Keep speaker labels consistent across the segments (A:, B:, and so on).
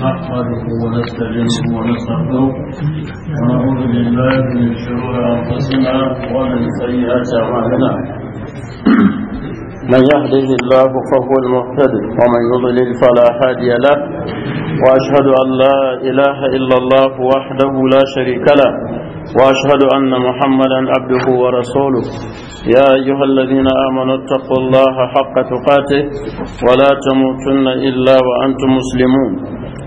A: نحمده ونستعينه ونستغفره ونعوذ بالله من شرور انفسنا ومن سيئات اعمالنا
B: من يهده الله فهو المهتد ومن يضلل فلا هادي له واشهد ان لا اله الا الله وحده لا شريك له واشهد ان محمدا عبده ورسوله يا ايها الذين امنوا اتقوا الله حق تقاته ولا تموتن الا وانتم مسلمون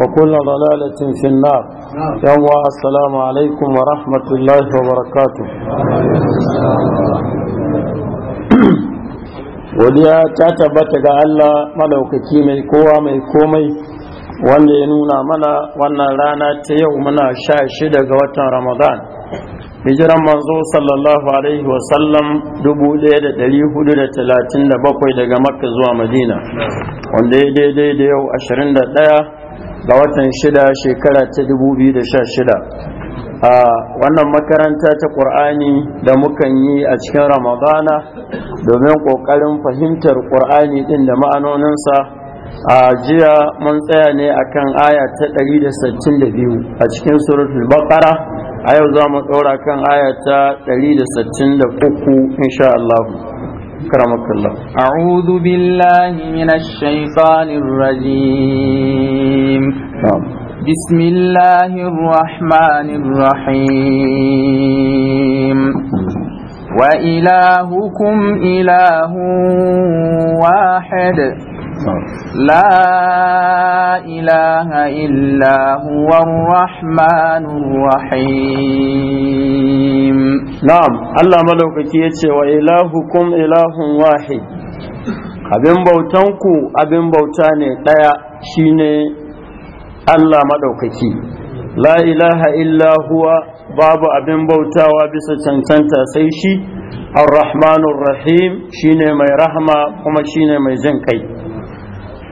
B: وكل ضلالة في النار يوم السلام عليكم ورحمة الله وبركاته godiya ta tabbata ga Allah madaukaki mai kowa mai komai wanda ya nuna mana wannan rana ta yau muna sha shida ga watan ramadan hijiran manzo sallallahu alaihi wasallam 1437 daga makka zuwa madina wanda ya daidai da yau 21 ga watan shida shekara ta 2016 a wannan makaranta ta ƙur'ani da mukan yi a cikin ramadana domin ƙoƙarin fahimtar ƙur'ani ɗin da ma'anoninsa a jiya mun tsaya ne a kan aya ta 162 a cikin suratul baqara a yau za mu ɗora kan aya ta 163 insha Allah. كرمك الله
C: أعوذ بالله من الشيطان الرجيم نعم. بسم الله الرحمن الرحيم نعم. وإلهكم إله واحد لا إله إلا هو الرحمن الرحيم نعم الله ملوك كيتي وإلهكم إله
B: واحد abin bautanku abin bauta ne ɗaya shine Allah maɗaukaki la ilaha illa huwa babu abin bautawa bisa cancanta sai shi ar-rahmanur rahim shine mai rahma, kuma shine mai zan kai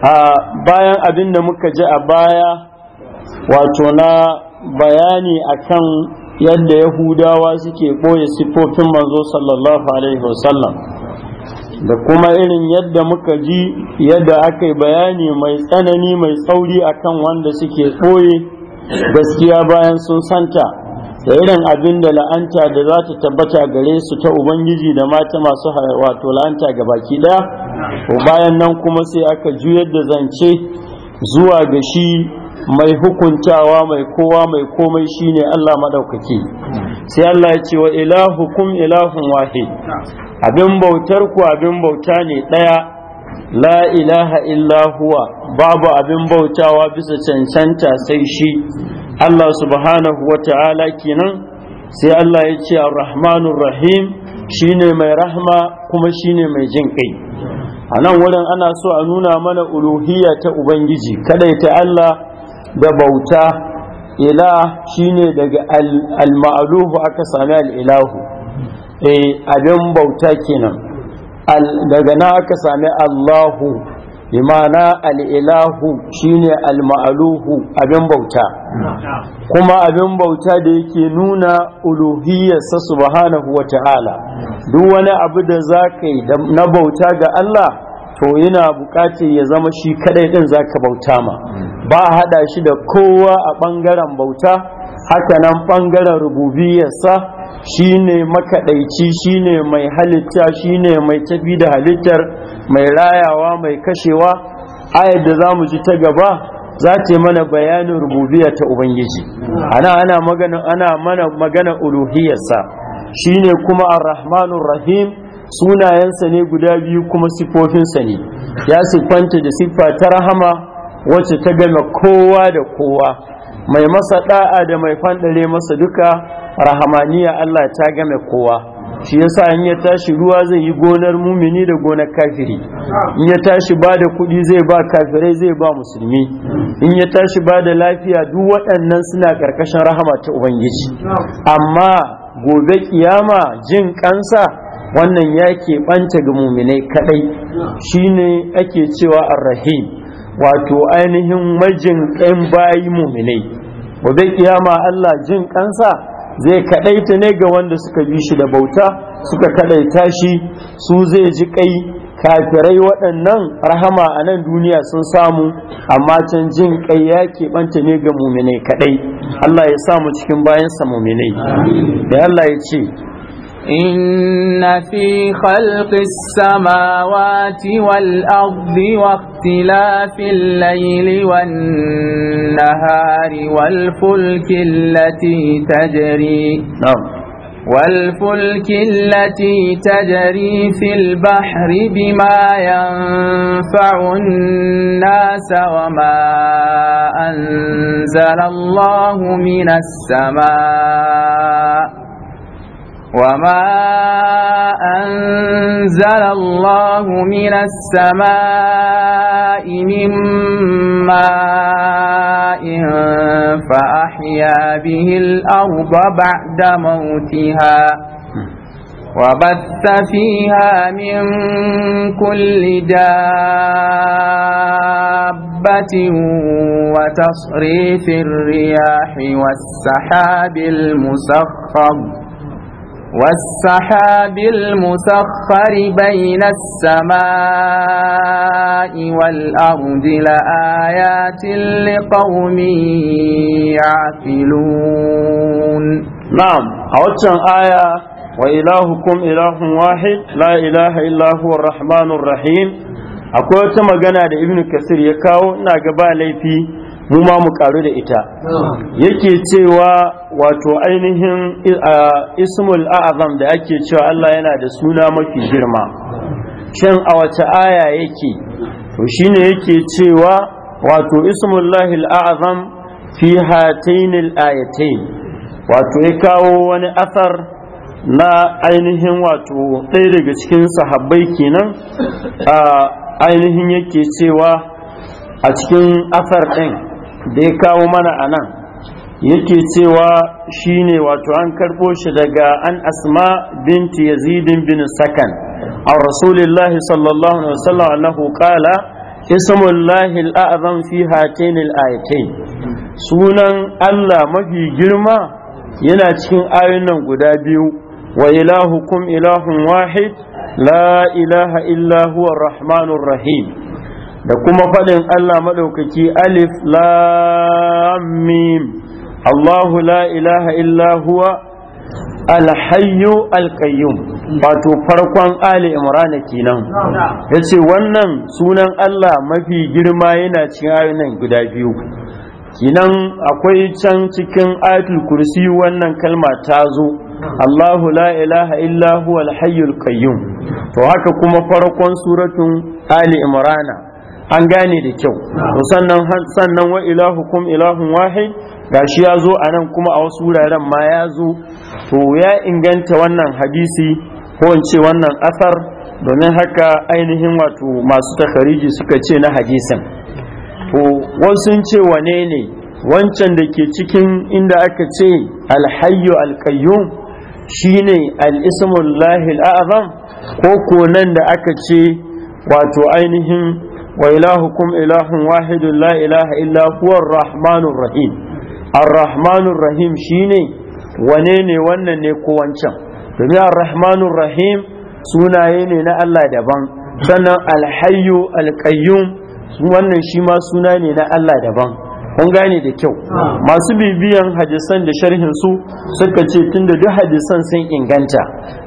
B: bayan abin da muka ji a baya wato na bayani akan yadda yahudawa suke ɓoye siffofin manzo sallallahu alaihi wasallam da kuma irin yadda muka ji yadda aka yi bayani mai tsanani mai tsauri akan wanda suke ɓoye gaskiya bayan sun santa da irin abin da la'anta da za ta tabbata gare su ta ubangiji da mata masu wato la'anta ga baki ɗaya bayan nan kuma sai aka juyar da zance zuwa ga shi mai hukuntawa mai kowa mai komai shine Allah madaukaki sai Allah ya ce wa ilahukum ilahun wahid abin bautar ku abin bauta ne ɗaya la ilaha illa huwa babu abin bautawa bisa cancanta sai shi Allah subhanahu wa ta'ala kenan sai Allah ya ce ar-rahmanur rahim shine mai rahma kuma shine mai jin kai a nan wurin ana so a nuna mana uluhiyya ta ubangiji ta Allah da bauta ila shine daga al-ma'luhu aka sami al-ilahu eh abin bauta kenan daga na aka sami Allahu imana al'ilahu shine alma'aluhu abin bauta kuma abin bauta da yake nuna uluhiyarsa subhanahu wa ta'ala duk wani abu da za ka yi na bauta ga Allah to yana bukatar ya zama shi kadai din za ka bauta ma ba a haɗa shi da kowa a ɓangaren bauta haka nan ɓangaren rububiyarsa shine makaɗaici shine mai halitta shine mai tafi da halittar mai rayawa mai kashewa ayar da za mu ji ta gaba za ta mana bayanin rububiya ta ubangiji ana ana magana ana mana magana uluhiyarsa shine kuma ar rahmanun rahim sunayensa ne guda biyu kuma sifofinsa ne ya siffanta da siffa ta rahama wacce ta gama kowa da kowa mai masa da'a da mai fandare masa duka rahamaniya Allah ta game kowa shi yasa in ya tashi ruwa zai yi gonar mumini da gonar kafiri in ya tashi ba da kuɗi zai ba kafirai zai ba musulmi in ya tashi ba da lafiya duk waɗannan suna ƙarƙashin rahama ta ubangiji amma gobe kiyama jin kansa wannan ya ke ɓanta ga muminai kaɗai shine ake cewa arrahim wato ainihin majin ƙan bayi muminai gobe kiyama Allah jin kansa zai kadaita ne ga wanda suka bi shi da bauta suka kadaita shi su zai ji kai kafirai waɗannan rahama a nan duniya sun samu amma can jin kai ya keɓanta ne ga muminai kadai Allah ya samu cikin bayansa muminai da Allah ya ce
C: إن في خلق السماوات والأرض واختلاف الليل والنهار والفلك التي تجري نعم. والفلك التي تجري في البحر بما ينفع الناس وما أنزل الله من السماء وما أنزل الله من السماء من ماء فأحيا به الأرض بعد موتها وبث فيها من كل دابة وتصريف الرياح والسحاب المسخر والسحاب المسخر بين السماء والأرض لآيات
D: لقوم يعقلون نعم أوتشن آية وإلهكم إله واحد لا إله إلا هو
B: الرحمن الرحيم أقول magana da ibnu kasir ya kawo ina gaba laifi mu ma mu karu da ita yake cewa wato ainihin ismul a'zam da ake cewa Allah yana da suna mafi girma shin a wace aya yake to shine yake cewa wato ismullahi a'zam fi hatain ayatain wato ya kawo wani asar na ainihin wato ɗaya daga cikin sahabbai kenan a ainihin yake cewa a cikin asar ɗin da ya kawo mana a nan yake cewa ne wato an karbo shi daga an asma binti yazidin bin sakan a rasulillahi sallallahu alaihi wasallam annahu qala ismullahi al-a'zam fi hatain al sunan Allah mafi girma yana cikin ayoyin nan guda biyu wa ilahukum ilahun wahid la ilaha illa huwa rahim da kuma faɗin Allah maɗaukaki alif lam mim Allahu la ilaha illa huwa alhayyu alqayyum wato farkon ali imrana kenan yace wannan sunan Allah mafi girma yana cikin ayoyin guda biyu kinan akwai can cikin ayatul kursi wannan kalma ta zo Allahu la ilaha illa huwa alhayyul qayyum to haka kuma farkon suratun ali imrana an gane da kyau sannan sannan wa ilahukum ilahun wahid gashi ya zo a nan kuma a wasu wuraren ma ya zo to ya inganta wannan hadisi ko in ce wannan asar domin haka ainihin wato masu takariji suka ce na hadisin to wasu ce wane ne wancan da ke cikin inda aka ce alhayyu alkayyum shine al-ismullahi azam ko ko nan da aka ce wato ainihin وإلهكم إله واحد لا إله إلا هو الرحمن الرحيم الرحمن الرحيم شيني ونيني ونني كوانشا دمي الرحمن الرحيم سنايني نا الله دبان سنة الحي القيوم wannan shi ma suna ne na Allah daban kun gane da kyau masu bibiyan hadisan da sharhin su suka ce tunda duk hadisan sun inganta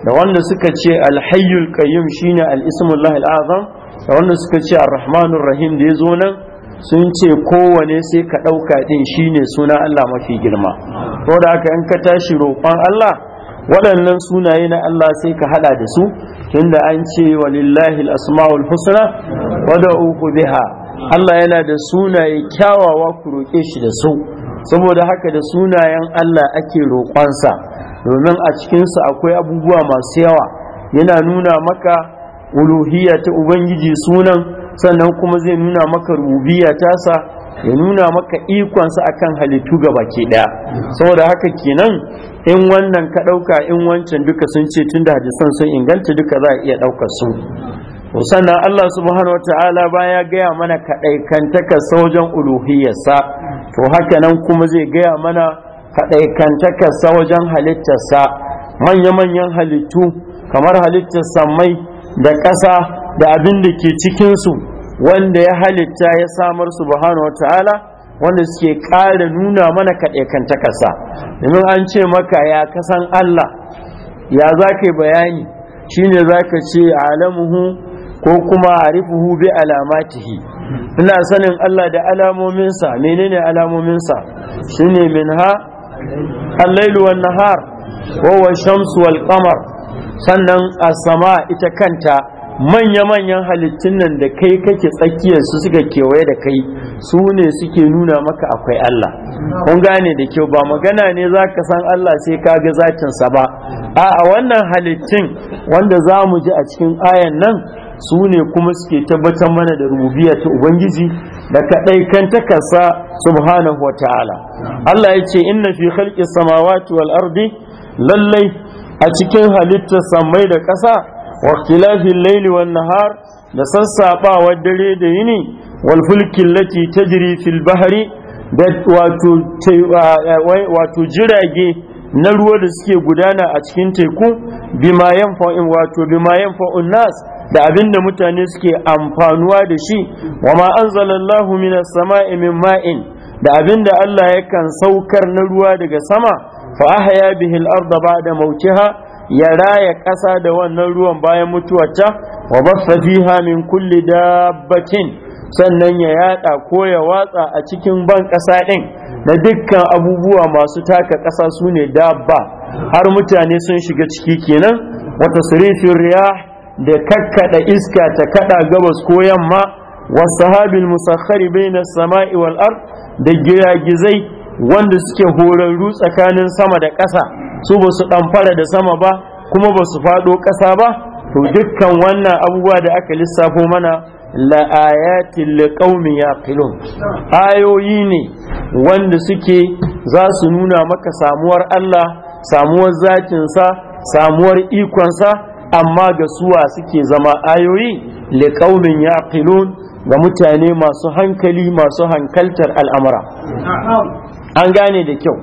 B: da wanda suka ce alhayyul qayyum shine al-ismullah al-azam da wanda suka ce a rahmanur rahim da ya zo nan sun ce kowane sai ka ɗauka ɗin shi ne suna Allah mafi girma da haka in ka tashi roƙon Allah waɗannan sunaye na Allah sai ka haɗa da su tunda an ce walillahi asmaul husna wad'uhu biha Allah yana da sunaye kyawawa ku roƙe shi da su saboda haka da sunayen Allah ake roƙonsa domin a cikinsu akwai abubuwa masu yawa yana nuna maka uluhiyya ta ubangiji sunan sannan kuma zai nuna maka ta tasa ya nuna maka ikonsa akan halittu gaba ke daya saboda haka kenan in wannan ka dauka in wancan duka sun ce tunda hadisan sun inganta duka za a iya daukar su sannan Allah subhanahu wataala baya gaya mana kaɗaikantaka wajen uluhiyarsa to haka nan kuma zai gaya mana kantaka wajen halittarsa manya-manyan halittu kamar halittar samai da ƙasa da abin da ke cikinsu wanda ya halitta ya samar subhanahu ta'ala, wanda suke ƙara nuna mana kaɗe kan ta ƙasa. domin an ce maka ya kasan Allah ya za ka yi bayani ne za ka ce alamuhu ko kuma a arifuhu bi alamatihi ina sanin Allah da alamominsa menene alamominsa shi ne minha allailu wan nahar wa shamsu wal qamar sannan a sama ita kanta manya-manyan halittun nan da kai kake tsakiyarsu suka kewaye da kai su ne suke nuna maka akwai Allah kun gane da kyau ba magana ne za ka san Allah sai ka ga zatinsa ba a wannan halittun wanda za mu ji a cikin ayan nan su ne kuma suke tabbatar mana da rububiya ta ubangiji da kaɗai kan takarsa subhanahu wa ta'ala Allah ya ce inna fi khalqi samawati wal ardi lallai a cikin halittar samai da ƙasa wa ikhtilafil laili wan nahar da sassaɓawa dare da yini wal fulkin lati tajri fil bahri da wato jirage na ruwa da suke gudana a cikin teku bima yanfa'un wato bima yanfa'un nas da abin da mutane suke amfanuwa da shi wa ma anzalallahu minas sama'i min ma'in da abin da Allah yakan saukar na ruwa daga sama fa ahya bihi al-ard ba'da mautiha ya raya ƙasa da wannan ruwan bayan mutuwarta wa baffa fiha min kulli dabbatin sannan ya yada ko ya watsa a cikin ban ƙasa ɗin na dukkan abubuwa masu taka ƙasa sune ne dabba har mutane sun shiga ciki kenan wata surifin riya da kakkada iska ta kada gabas ko yamma wa sahabil musakhkhari bai sama'i wal ard da giragizai wanda suke horarru tsakanin sama da ƙasa su ba su ɗamfara da sama ba kuma ba su faɗo ƙasa ba to dukkan wannan abubuwa da aka lissafo mana la'ayatin liƙaumin yaqilun ayoyi ne wanda suke za su nuna maka samuwar Allah samuwar zakinsa, samuwar ikonsa amma ga suwa suke zama ayoyi liƙaumin yaqilun ga mutane masu hankali masu hankaltar al'amura an gane da kyau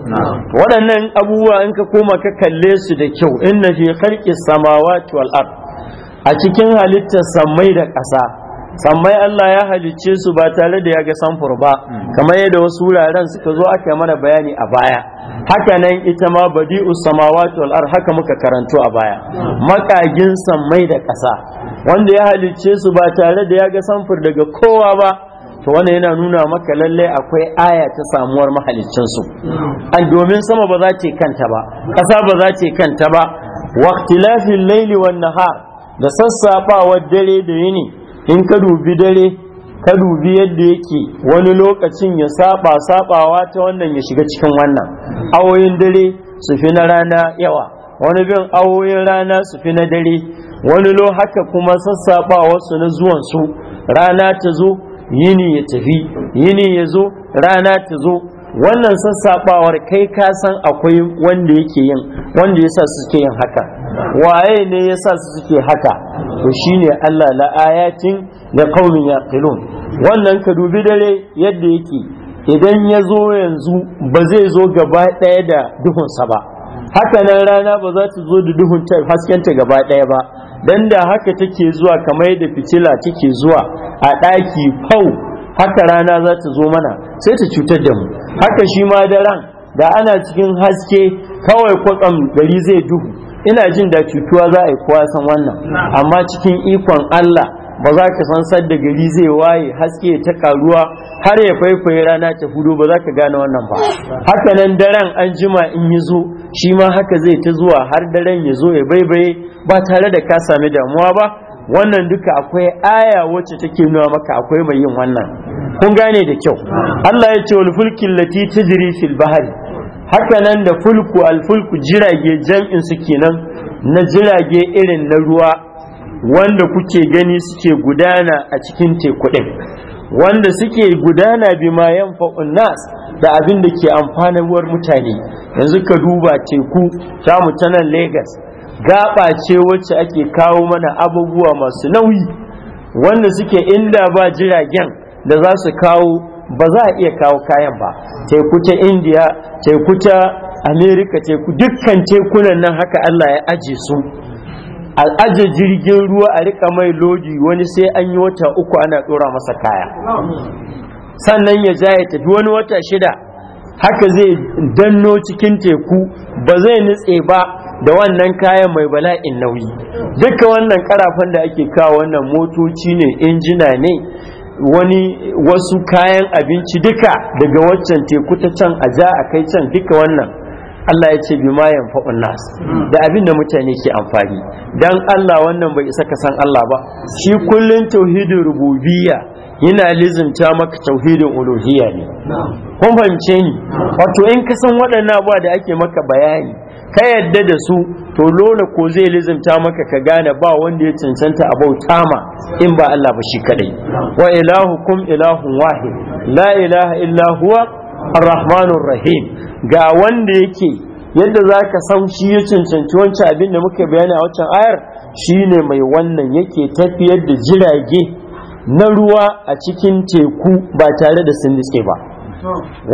B: waɗannan abubuwa in ka koma ka kalle su da kyau inna fi khalqis samawati wal ard a cikin halittar sammai da ƙasa sammai Allah ya halicce su ba tare da ya ga samfur ba mm. kamar yadda wasu wuraren suka zo aka mana bayani a baya haka nan ita ma badi'us samawati wal ard haka muka karanto a baya makagin sammai da ƙasa wanda ya halicce su ba tare da ya ga samfur daga kowa ba to wannan yana nuna maka lallai akwai aya ta samuwar mahaliccinsu an domin sama ba za ta kanta ba ƙasa ba za ta kanta ba waqtilafil laili wan nahar da sassaɓawa dare da yini in ka dubi dare ka dubi yadda yake wani lokacin ya saba sabawa ta wannan ya shiga cikin wannan awoyin dare su fi na rana yawa wani bin awoyin rana su fi na dare wani lo haka kuma sassafa su na zuwansu rana ta zo yini ya tafi yini ya zo rana ta zo wannan sassaɓawar kai ka san akwai wanda yake yin wanda ya sa suke yin haka waye ne ya sa su suke haka to shine Allah la ayatin da qaumin yaqilun wannan ka dubi dare yadda yake idan ya zo yanzu ba zai zo gaba ɗaya da duhunsa ba haka nan rana ba za ta zo da duhun haskenta gaba ɗaya ba dan da haka take zuwa kamar da fitila take zuwa a ɗaki fau haka rana za ta zo mana sai ta cutar da mu haka shi ma daren da ana cikin haske kawai kwatsam gari zai duhu ina jin da cutuwa za a yi kowa san wannan amma cikin ikon Allah ba za ka san da gari zai waye haske ta karuwa har ya faifaye rana ta hudu ba za ka gane wannan ba haka nan daren an jima in yi zo shi ma haka zai ta zuwa har daren ya zo ya baibaye ba tare da ka sami damuwa ba wannan duka akwai aya wacce take nuna maka akwai mai yin wannan kun gane da kyau Allah ya ce wal fulki lati tajri fil bahri haka nan da fulku alfulku jirage jam'in su kenan na jirage irin na ruwa wanda kuke gani suke gudana a cikin teku din wanda suke gudana bi ma yanfa'un nas da abin da ke amfanarwar mutane yanzu ka duba teku ta mu ta Lagos gaba ce wacce ake kawo mana abubuwa masu nauyi wanda suke inda ba jiragen da za su kawo ba za a iya kawo kayan ba teku ta indiya teku ta amerika teku dukkan tekunan nan haka allah ya aje su Al'ada jirgin ruwa a rika mai lodi wani sai an yi wata uku ana dora masa kaya sannan ya ja ya tafi wani wata shida haka zai danno cikin teku ba zai nutse ba da wannan kayan mai bala'in nauyi duka wannan karafan da ake kawo wannan motoci ne injina ne wani wasu kayan abinci duka daga waccan teku ta can a ja a kai can duka wannan Allah ya ce bima yanfa'un nasu. da abin da mutane ke amfani Don Allah wannan bai isa ka san Allah ba shi kullum tauhidin rububiyya yana lizinta maka tauhidin uluhiyya ne kun fahimce ni wato in ka san waɗannan ba da ake maka bayani ka yadda da su to lola ko zai lizimta maka ka gane ba wanda ya cancanta a bauta ma in ba Allah ba shi kadai wa kum ilahun wahid la ilaha illa huwa arrahmanur rahim ga wanda yake yadda zaka san shi ya cancanci wancan abin da muka bayani a wancan ayar shine mai wannan yake tafiyar da jirage na ruwa a cikin teku ba tare da sun ba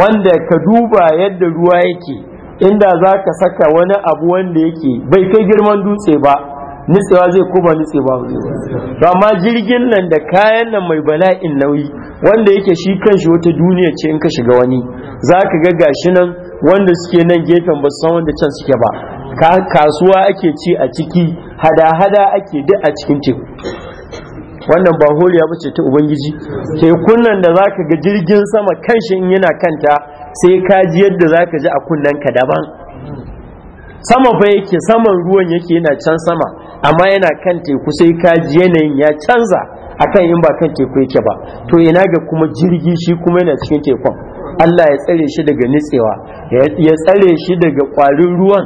B: wanda ka duba yadda ruwa yake inda za ka saka wani abu wanda yake bai kai girman dutse ba nitsewa zai kuma nitse ba ba ma jirgin nan da kayan nan mai bala'in nauyi wanda yake shi kanshi wata duniya ce in ka shiga wani za ka ga gashi nan wanda suke nan gefen ba san wanda can suke ba kasuwa ake ci a ciki hada-hada ake duk a cikin teku wannan ba holiya ba ce ta ubangiji kunnan da za ka ga jirgin sama kanshi in yana kanta sai ka ji yadda za ka ji a kunnen ka daban sama fa yake saman ruwan yake yana can sama amma yana kan teku sai ka ji yanayin ya canza akan in ba kan teku yake ba to ina ga kuma jirgi shi kuma yana cikin tekun Allah ya tsare shi daga nitsewa ya tsare shi daga kwarin ruwan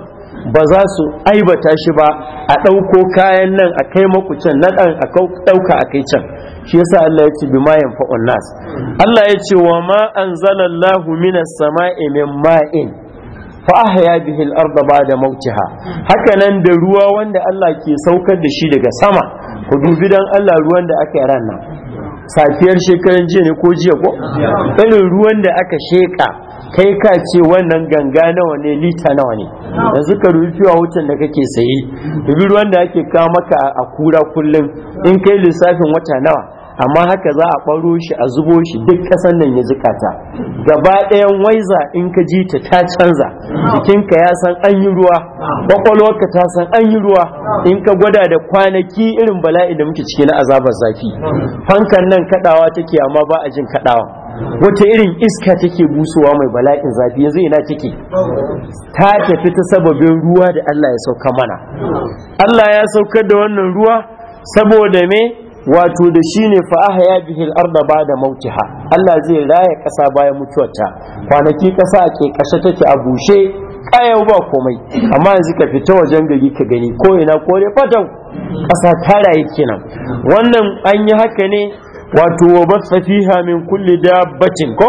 B: ba za su aibata shi ba a ɗauko kayan nan a kai makucin na ɗan a ɗauka a kai can shi yasa Allah ya ce bi ma yanfa'un nas Allah ya ce wa ma anzalallahu minas sama'i min ma'in fa ahya bihi al ardha ba'da mautiha haka nan da ruwa wanda Allah ke saukar da shi daga sama ku dubi dan Allah ruwan da aka yi nan safiyar shekaran jiya ne ko jiya ko irin ruwan da aka sheka kai ka ce wannan ganga nawa ne lita nawa ne yanzu ka rubi wa wucin da kake saye dubi ruwan da ake kawo maka a kura kullum in kai lissafin wata nawa amma haka za a ɓaro shi a zubo shi duk ƙasan nan ya zikata gaba ɗayan waiza in ka ji ta ta canza jikinka ya san an yi ruwa ƙwaƙwalwarka ta san an yi ruwa in ka gwada da kwanaki irin bala'i da muke ciki na azabar zafi fankan nan kaɗawa take amma ba a jin kaɗawa wata irin iska take busowa mai bala'in zafi yanzu ina take ta tafi ta sababin ruwa da Allah ya sauka mana Allah ya saukar da wannan ruwa saboda me wato da shi ne fa'aha ya bihil arda ba da mautiha Allah zai raya ƙasa bayan mutuwarta kwanaki ƙasa a ke ƙasa take a bushe ƙayau ba komai amma yanzu ka fita wajen gari ka gani ko ina kore fatau ƙasa ta raye kenan wannan an yi haka ne wato wa ba fiha min kulli dabbatin ko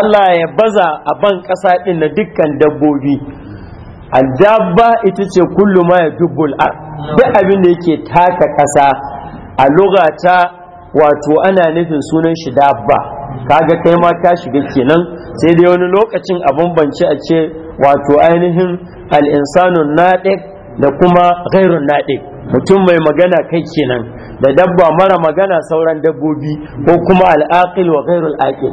B: Allah ya baza a ban ƙasa ɗin na dukkan dabbobi dabba ita ce kullu ma ya dubbul ar duk abin da yake taka ƙasa a lugata wato ana nufin sunan shi dabba kaga kai ma ka shiga kenan sai dai wani lokacin a bambance a ce wato ainihin al'insanun naɗik da kuma gairun naɗik mutum mai magana kai kenan da dabba mara magana sauran dabbobi ko kuma al'aqil wa ghairul aqil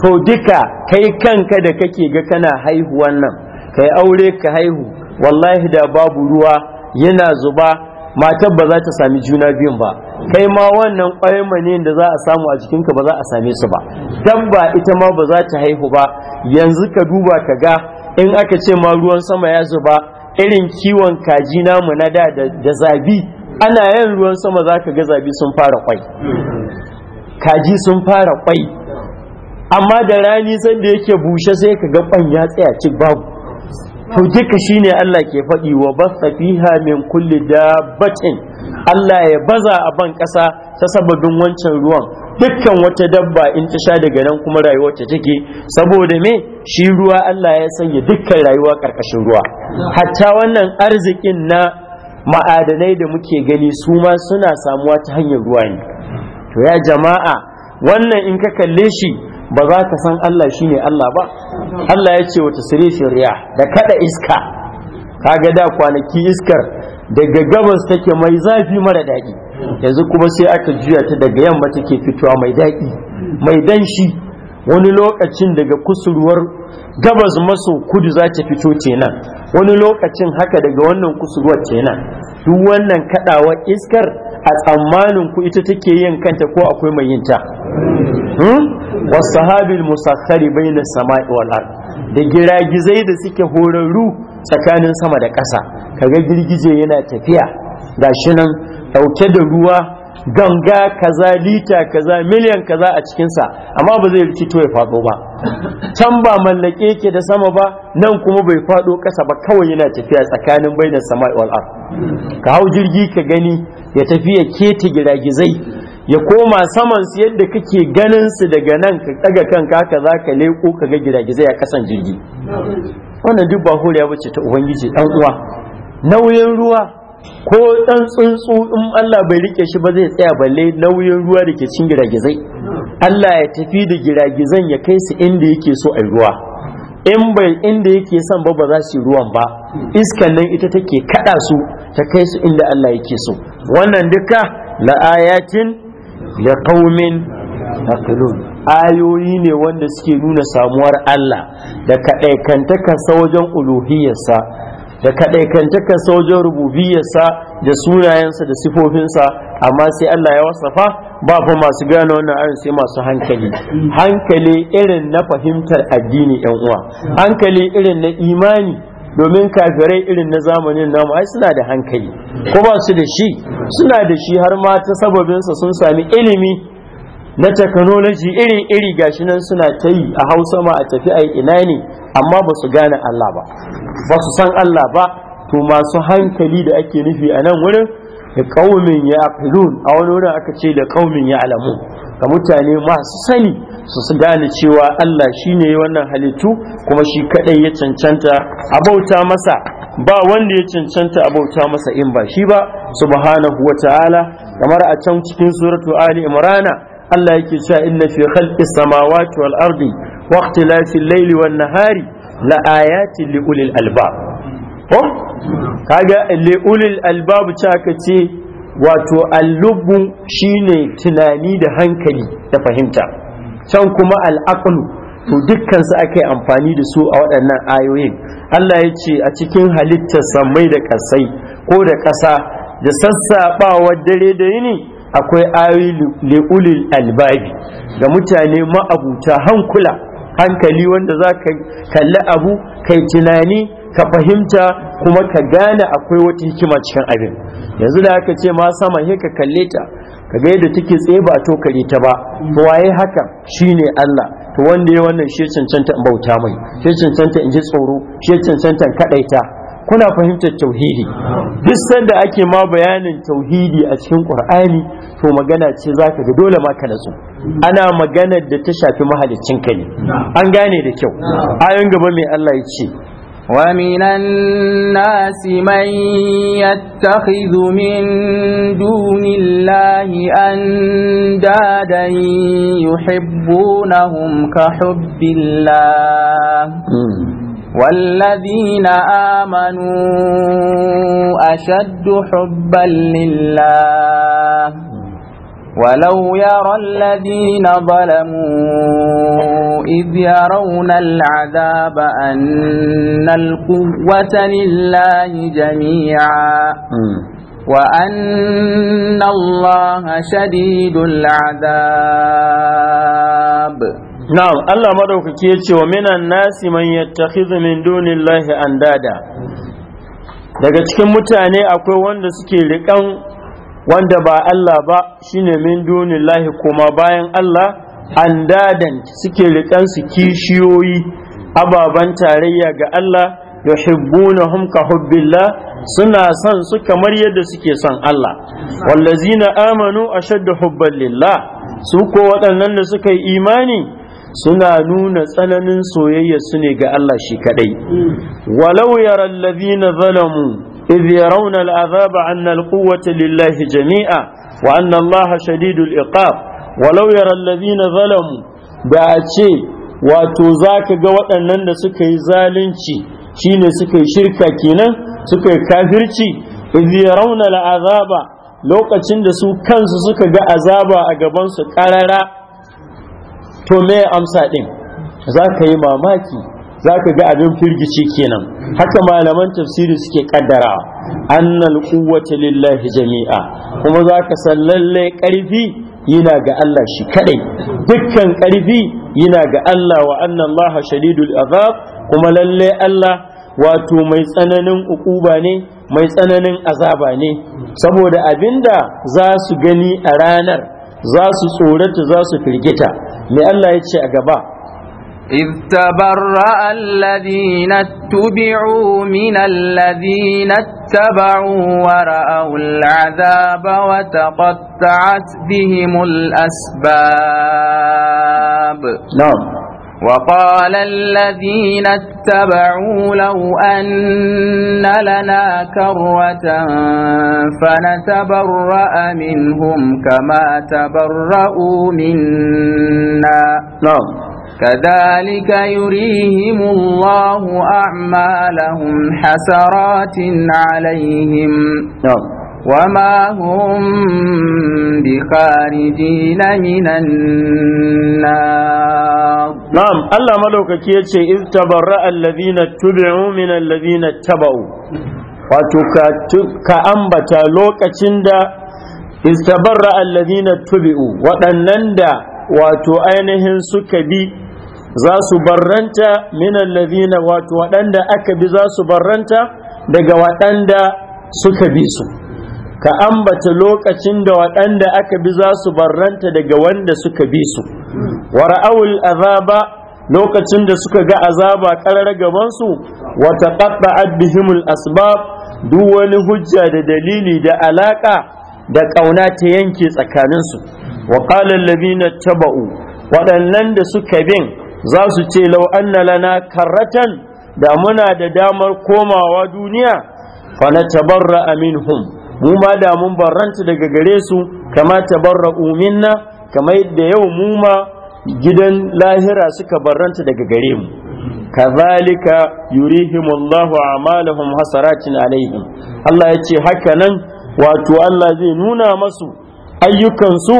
B: to duka kai kanka da kake ga kana haihuwan nan kai aure ka haihu wallahi da babu ruwa yana zuba matar ba za ta sami juna biyun ba kai ma wannan kwaima ne da za a samu a jikinka ba za a same su ba dabba ita ma ba za ta haihu ba yanzu ka duba ka ga in aka ce ma ruwan sama ya zuba irin kiwon kaji namu na da da zabi ana yin ruwan sama za ka ga zabi sun fara kwai kaji sun fara kwai amma da rani sanda yake bushe sai ka ga kwan ya tsaya cik babu to duka shine Allah ke faɗi wa basa fiha min kulli dabbatin Allah ya baza a ban ƙasa ta sababin wancan ruwan dukkan wata dabba in ta sha daga nan kuma ta take saboda me shi ruwa Allah ya sanya dukkan rayuwa ƙarƙashin ruwa hatta wannan arzikin na ma'adanai da muke gani su ma suna samuwa ta hanyar ruwa ne to ya jama'a wannan in ka kalle shi ba za ka san Allah shi ne Allah ba Allah ya ce wa sire shirya da kada iska ga da kwanaki iskar daga gabas take mai zafi mara daɗi yanzu kuma sai aka juya ta daga yamma take fitowa mai daɗi mai danshi wani lokacin daga kusurwar gabas maso kudu za ta fito kenan wani lokacin haka daga wannan kusurwar kenan duk wannan kaɗawa iskar a tsammanin ku ita take yin kanta ko akwai mai yinta hmm? wasahabil musakhari bayna sama'i wal ard da giragizai da suke horarru tsakanin sama da ƙasa kaga girgije yana tafiya gashi nan dauke da ruwa ganga kaza lita kaza miliyan kaza a cikinsa amma ba zai rikito ya faɗo ba can ba mallake yake da sama ba nan kuma bai faɗo ƙasa ba kawai yana tafiya tsakanin bainar sama'i wal ard ka hau jirgi ka gani ya tafi ya keta giragizai ya koma saman su yadda kake ganin su daga nan ka daga kanka haka za ka leko ka ga giragizai a kasan jirgi wannan duk ba horiya bace ta ubangiji dan uwa nauyin ruwa ko dan tsuntsu in Allah bai rike shi ba zai tsaya balle nauyin ruwa da ke cin giragizai Allah ya tafi da giragizan ya kai su inda yake so a ruwa in bai inda yake son ba ba za su ruwan ba iskan nan ita take kada su ta kai su inda Allah yake so wannan duka la liqaumin yaqilun ayoyi ne wanda suke nuna samuwar Allah da kadaikantaka wajen uluhiyarsa da kadaikantaka wajen rububiyarsa da sunayensa da sifofinsa amma sai Allah ya wasafa ba fa masu gane wannan ayoyin sai masu hankali hankali irin na fahimtar addini yan uwa hankali irin na imani domin kafirai irin na zamanin namu ai suna da hankali ko ba su da shi suna da shi har ma ta sa sun sami ilimi na technology iri-iri gashi nan suna ta yi a hausa ma a tafi a ina ne amma ba su gane Allah ba ba su san Allah ba to masu hankali da ake nufi a nan wurin da ƙaumin ya filun a wani wurin aka ce da kaumin ya alamu ga mutane masu sani su su gane cewa Allah shi ne wannan halittu kuma shi kaɗai ya cancanta a bauta masa ba wanda ya cancanta a bauta masa in ba shi ba subhanahu wa ta'ala kamar a can cikin suratu ali imrana Allah yake cewa inna fi khalqis samawati wal ardi wa ikhtilafil layli wan nahari la ayati li ulil albab ko kaga li'ulil albabu caka ce wato allubu shine tunani da hankali da fahimta can kuma al'aqlu to dukkan su aka yi amfani da su a waɗannan ayoyin Allah ya ce a cikin halittar samai da ƙasai ko da ƙasa da sassaɓawar dare da yini akwai ayoyi le'ulil albabi ga mutane ma'abuta hankula hankali wanda za ka kalli abu kai tunani ka fahimta kuma ka gane akwai wata hikima cikin abin yanzu da aka ce ma sama he ka kalle ta ka ga yadda take tsaye ba to kare ta ba to waye haka shine Allah to wanda ya wannan shi cancanta in bauta mai shi cancanta in ji tsoro shi cancanta in kadaita kuna fahimtar tauhidi duk sanda ake ma bayanin tauhidi a cikin qur'ani to magana ce zaka ga dole ma ka natsu ana magana da ta shafi mahalicin ka ne an gane da kyau ayon gaba mai Allah ya ce
C: ومن الناس من يتخذ من دون الله أندادا يحبونهم كحب الله والذين آمنوا أشد حبا لله ولو يرى الذين ظلموا إذ يرون العذاب أن القوة لله جميعا وأن الله شديد العذاب نعم الله مدوك
B: كيتي ومن الناس من يتخذ من دون الله أندادا daga cikin mutane akwai wanda suke riƙan wanda ba Allah ba shine min lahi, kuma bayan Allah an andadan suke rikansu kishiyoyi ababan tarayya ga Allah yuhibbunahum ka hubbillah suna son su kamar yadda suke son Allah wallazina amanu ashaddu hubban lillah su ko waɗannan da suka yi imani suna nuna tsananin soyayya su ne ga Allah shi kadai walau yaral na zalamu إذ يرون العذاب أن القوة لله جميعا وأن الله شديد Wa ولو يرى الذين ظلموا بأتي wato za ka ga waɗannan da suka yi zalunci shine ne suka yi shirka kenan suka yi kafirci ya rauna la'azaba lokacin da su kansu suka ga azaba a gabansu ƙarara to me amsa ɗin za ka yi mamaki za ka ga abin firgici kenan haka malaman tafsiri suke kaddara annal quwwata lillahi jami'a kuma za ka san lalle ƙarfi yana ga Allah shi kadai dukkan ƙarfi yana ga Allah wa anna Allah shadidul azab kuma lalle Allah wato mai tsananin ukuba ne mai tsananin azaba ne saboda abinda za su gani a ranar za su tsorata za su firgita me Allah ya ce a gaba
D: إذ
C: تبرأ الذين اتبعوا من الذين اتبعوا ورأوا العذاب وتقطعت بهم الأسباب نعم وقال الذين اتبعوا لو أن لنا كرة فنتبرأ منهم كما تبرأوا منا نعم كذلك يريهم الله أعمالهم حسرات عليهم وما هم بخارجين من النار نعم
B: الله ملوك كيتشي إذ تبرأ الذين اتبعوا من الذين اتبعوا وتكا أنبتا لوك تشندا إذ تبرأ الذين اتبعوا وأنندا wato ainihin suka bi za su barranta minan ladina wato waɗanda aka bi za su barranta daga waɗanda suka bi su ka ambata lokacin da waɗanda aka bi za su barranta daga wanda suka bi su wara'awul azaba lokacin da suka ga azaba ƙarar gabansu wata ƙaɗa bihimul asbab duk wani hujja da dalili da alaƙa da ƙauna ta yanke tsakaninsu wa ƙalar taba'u waɗannan da suka bin za su ce lau anna lana karratan da muna da damar komawa duniya fa na tabarra minhum mu ma da mun barranta daga gare su kama tabarra minna kamar yadda yau mu ma gidan lahira suka barranta daga gare mu kazalika yurihimullahu a'malahum hasaratin alaihim Allah ya ce haka nan wato Allah zai nuna masu ayyukansu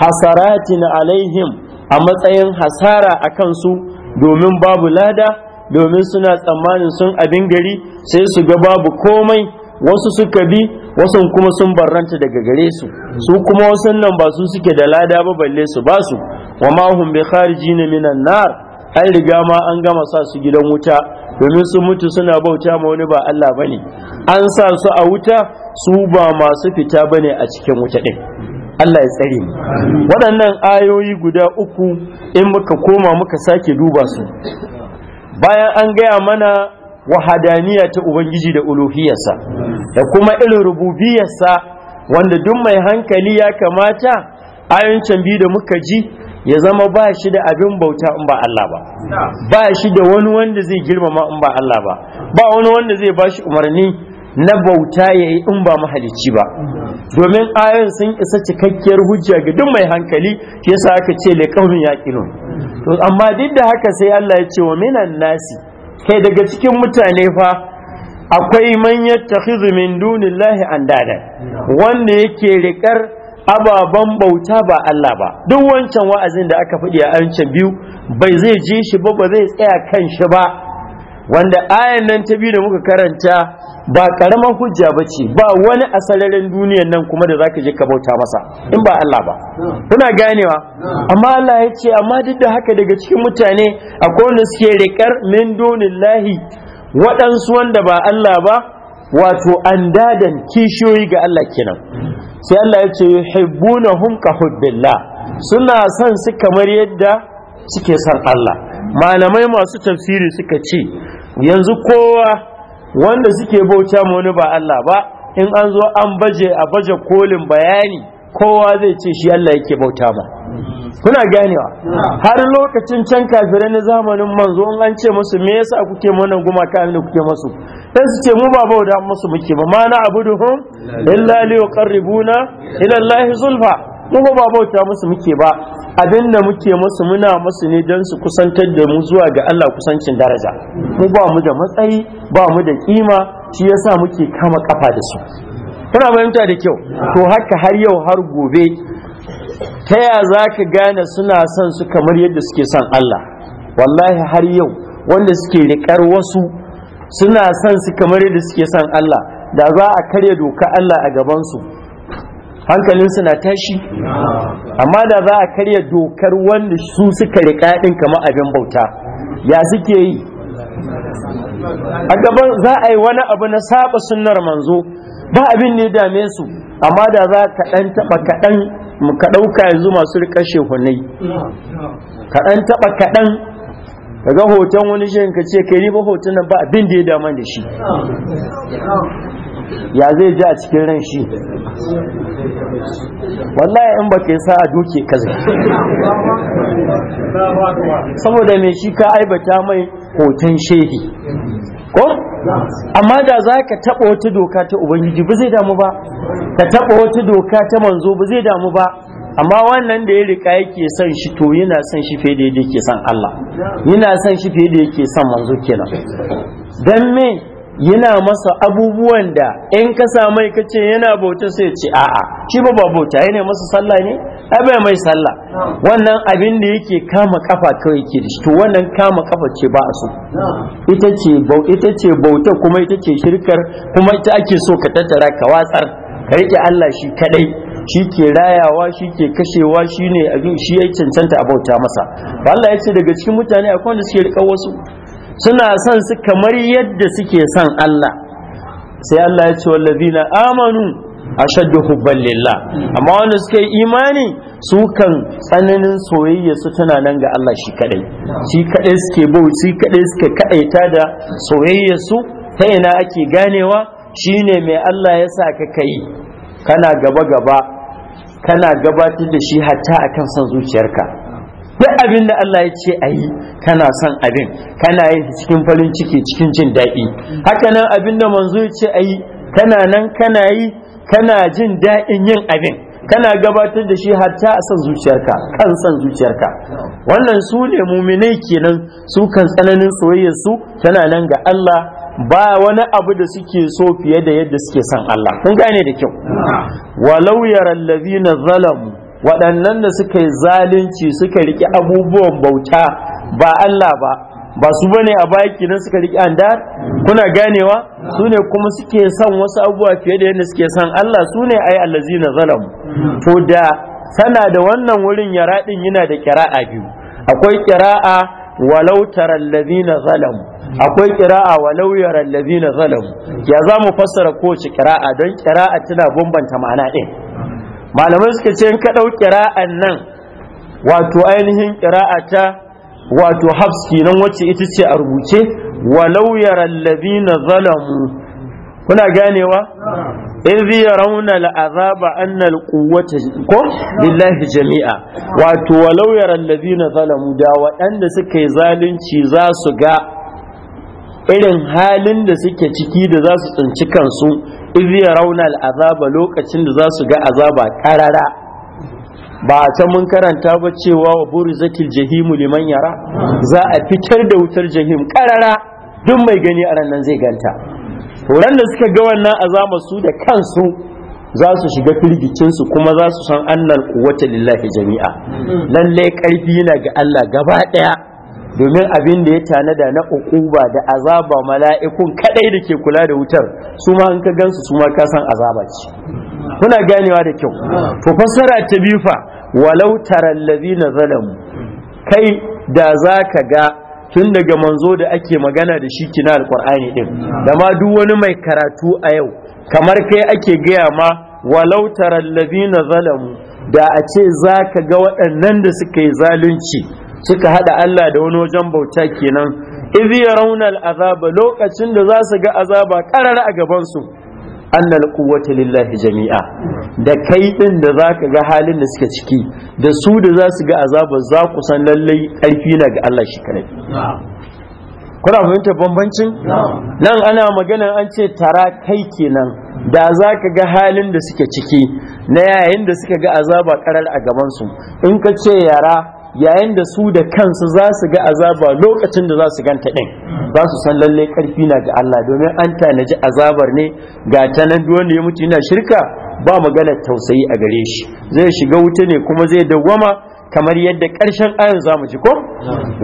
B: hasaratin alaihim a matsayin hasara a kansu domin babu lada domin suna tsammanin sun abin gari sai su ga babu komai wasu suka bi wasu kuma sun barranta daga gare su su kuma wasu nan ba su suke da lada ba balle su ba su wa ma hum bi ne minan nar an riga ma an gama sa su gidan wuta domin sun mutu suna bauta ma wani ba Allah bane an sa su a wuta su ba masu fita bane a cikin wuta din Allah ya tsare mu waɗannan ayoyi guda uku in muka koma muka sake duba su bayan an gaya mana wahadaniya ta ubangiji da uluhiyarsa da kuma irin rububiyarsa wanda duk mai hankali ya kamata ayoyin can biyu da muka ji ya zama ba shi da abin bauta in ba Allah ba ba shi da wani wanda zai girmama in ba Allah ba ba wani wanda zai ba shi umarni na bauta ya in ba mahalicci ba domin ayon sun isa cikakkiyar hujja ga duk mai hankali shi yasa aka ce le kaumin yaqilun to amma duk da haka sai Allah ya ce wa minan nasi kai daga cikin mutane fa akwai man yattakhidhu min dunillahi andada wanda yake riƙar ababan bauta ba Allah ba duk wancan wa'azin da aka faɗi a ayancin biyu bai zai je shi ba ba zai tsaya kan shi ba wanda ayan nan ta biyu da muka karanta ba karaman hujja ba ce ba wani asalaren duniyan nan kuma da za ka je ka bauta masa in ba Allah ba kuna ganewa amma Allah ya ce amma duk da haka daga cikin mutane akwai wanda suke riƙar min lahi waɗansu wanda ba Allah ba wato andadan kishiyoyi ga Allah kenan sai Allah ya ce yuhibbunahum ka hubbillah suna son su kamar yadda suke son Allah malamai masu tafsiri suka ce yanzu kowa wanda suke bauta ma wani ba Allah ba in an zo an baje a baje kolin bayani kowa zai ce shi Allah yake bauta ba. kuna ganewa har lokacin can kafirai na zamanin manzo in an ce musu me yasa kuke guma gumaka ne kuke masu dan su ce mu ba bauta musu muke ba ma na abuduhum illa liqarribuna ila allahi zulfa kuma ba bauta musu muke ba abinda muke musu muna musu ne don su kusantar da mu zuwa ga Allah kusancin daraja mu ba mu da matsayi ba mu da kima shi yasa muke kama kafa da su kuna bayanta da kyau to haka har yau har gobe ta ya za ka gane suna son su kamar yadda suke son Allah wallahi har yau wanda suke riƙar wasu suna son su kamar yadda suke son Allah da za a karya doka Allah a gabansu su na tashi amma da za a karya dokar wanda su suka riƙa ɗin kama abin bauta ya suke yi a gaban za a yi wani abu na saba sunnar manzo ba abin ne dame su amma da za ka taɓa kaɗan ka ɗauka yanzu masu riƙa shehunai kaɗan taɓa kaɗan ga hoton wani shehin ka ce kai ba hoton nan ba abin da ya dama da
A: shi ya zai
B: ji a cikin ran shi wallahi in baka yi a duke ka saboda mai shi ka aibata mai hoton shehi ko amma da za ka taɓa wata doka ta ubangiji ba zai damu ba ka taɓa wata doka ta manzo ba zai damu ba amma wannan da ya rika yake son shi to yana son shi fiye da yake son Allah yana son shi fiye da yake son manzo kenan dan me yana masa abubuwan da in ka mai ka ce yana bauta sai ce a'a shi ba bauta yana masa sallah ne ai mai sallah wannan abin da yake kama kafa kawai ke da shi to wannan kama kafa ce ba a so ita ce ita ce bauta kuma ita ce shirkar kuma ita ake so ka tattara ka watsar ka rike Allah shi kadai shi ke rayawa shi ke kashewa shi ne shi ya cancanta a bauta masa Ba Allah ya ce daga cikin mutane akwai wanda suke rikar wasu suna son su kamar yadda suke son Allah sai Allah ya ce wallazina amanu ashaddu hubban lillah amma wanda suka yi imani su kan tsananin soyayya su tana nan ga Allah shi kadai shi kadai suke bau shi kadai suke kadaita da soyayya su ta ina ake ganewa shine mai Allah ya sa ka kai kana gaba gaba kana gabatar da shi hatta akan son zuciyarka duk abin da Allah ya ce a yi kana son abin kana yin cikin farin ciki cikin jin daɗi haka nan abin da manzo ya ce a yi kana nan kana yi kana jin daɗin yin abin kana gabatar da shi har a san zuciyarka kan san zuciyarka wannan su ne muminai kenan su kan tsananin soyayyar su tana nan ga Allah ba wani abu da suke so fiye da yadda suke son Allah kun gane da kyau walau yaral ladina zalamu waɗannan da suka yi zalunci suka riƙe abubuwan bauta ba Allah ba ba su bane a baki na suka riƙe anda kuna ganewa su ne kuma suke son wasu abubuwa fiye da yadda suke son Allah su ne ai na zalam to da sana da wannan wurin ya raɗin yana da kira'a biyu akwai kira'a walau na zalam akwai kira'a walau yara na zalam ya za mu fassara kowace kira'a don kira'a tana bambanta ma'ana ɗin malamai suka ce in ka ɗau nan wato ainihin ƙira'a ta wato hafs kenan wacce ita ce a rubuce walau yarallazina zalamu kuna ganewa in zai rauna al'azaba annal quwwata ko lillahi jami'a wato walau yarallazina zalamu da waɗanda suka yi zalunci za su ga irin halin da suke ciki da za su tsinci kansu iziya rauna al'azaba lokacin da za su ga azaba karara ba a can mun karanta ba cewa wa zakil jahimu liman yara za a fitar da wutar jahim karara duk mai gani a nan zai ganta ran da suka ga wannan azaba su da kansu za su shiga firgicinsu kuma za su san annal quwwata lillahi jami'a lalle karfi na ga Allah gaba daya domin abin da ya tanada na ukuba da azaba mala'ikun kadai da ke kula da wutar su ma in ka gansu su ma kasan azaba ce kuna ganewa da kyau to fassara ta biyu fa walau taral zalamu kai da za ka ga tun daga manzo da ake magana da shi kina alkur'ani din da ma duk wani mai karatu a yau kamar kai ake gaya ma walau taral zalamu da a ce za ka ga waɗannan da suka yi zalunci cika hada Allah da wani wajen bauta kenan idhi yarawna azaba lokacin da za su ga azaba karar a gaban su annal quwwata lillahi jami'a da kai din da zaka ga halin da suke ciki da su da za su ga azaba za ku san lallai karfi na ga Allah shi kadai kuna fahimta bambancin nan ana magana an ce tara kai kenan da za ka ga halin da suke ciki na yayin da suka ga azaba karar a gabansu in ka ce yara yayin da su da kansu za su ga azaba lokacin da za su ganta ɗin za su san lalle karfi na ga Allah domin an tanaji azabar ne ga ta nan wanda ya mutu yana shirka ba magana tausayi a gare shi zai shiga wuta ne kuma zai dawwama kamar yadda ƙarshen ayan za mu ji ko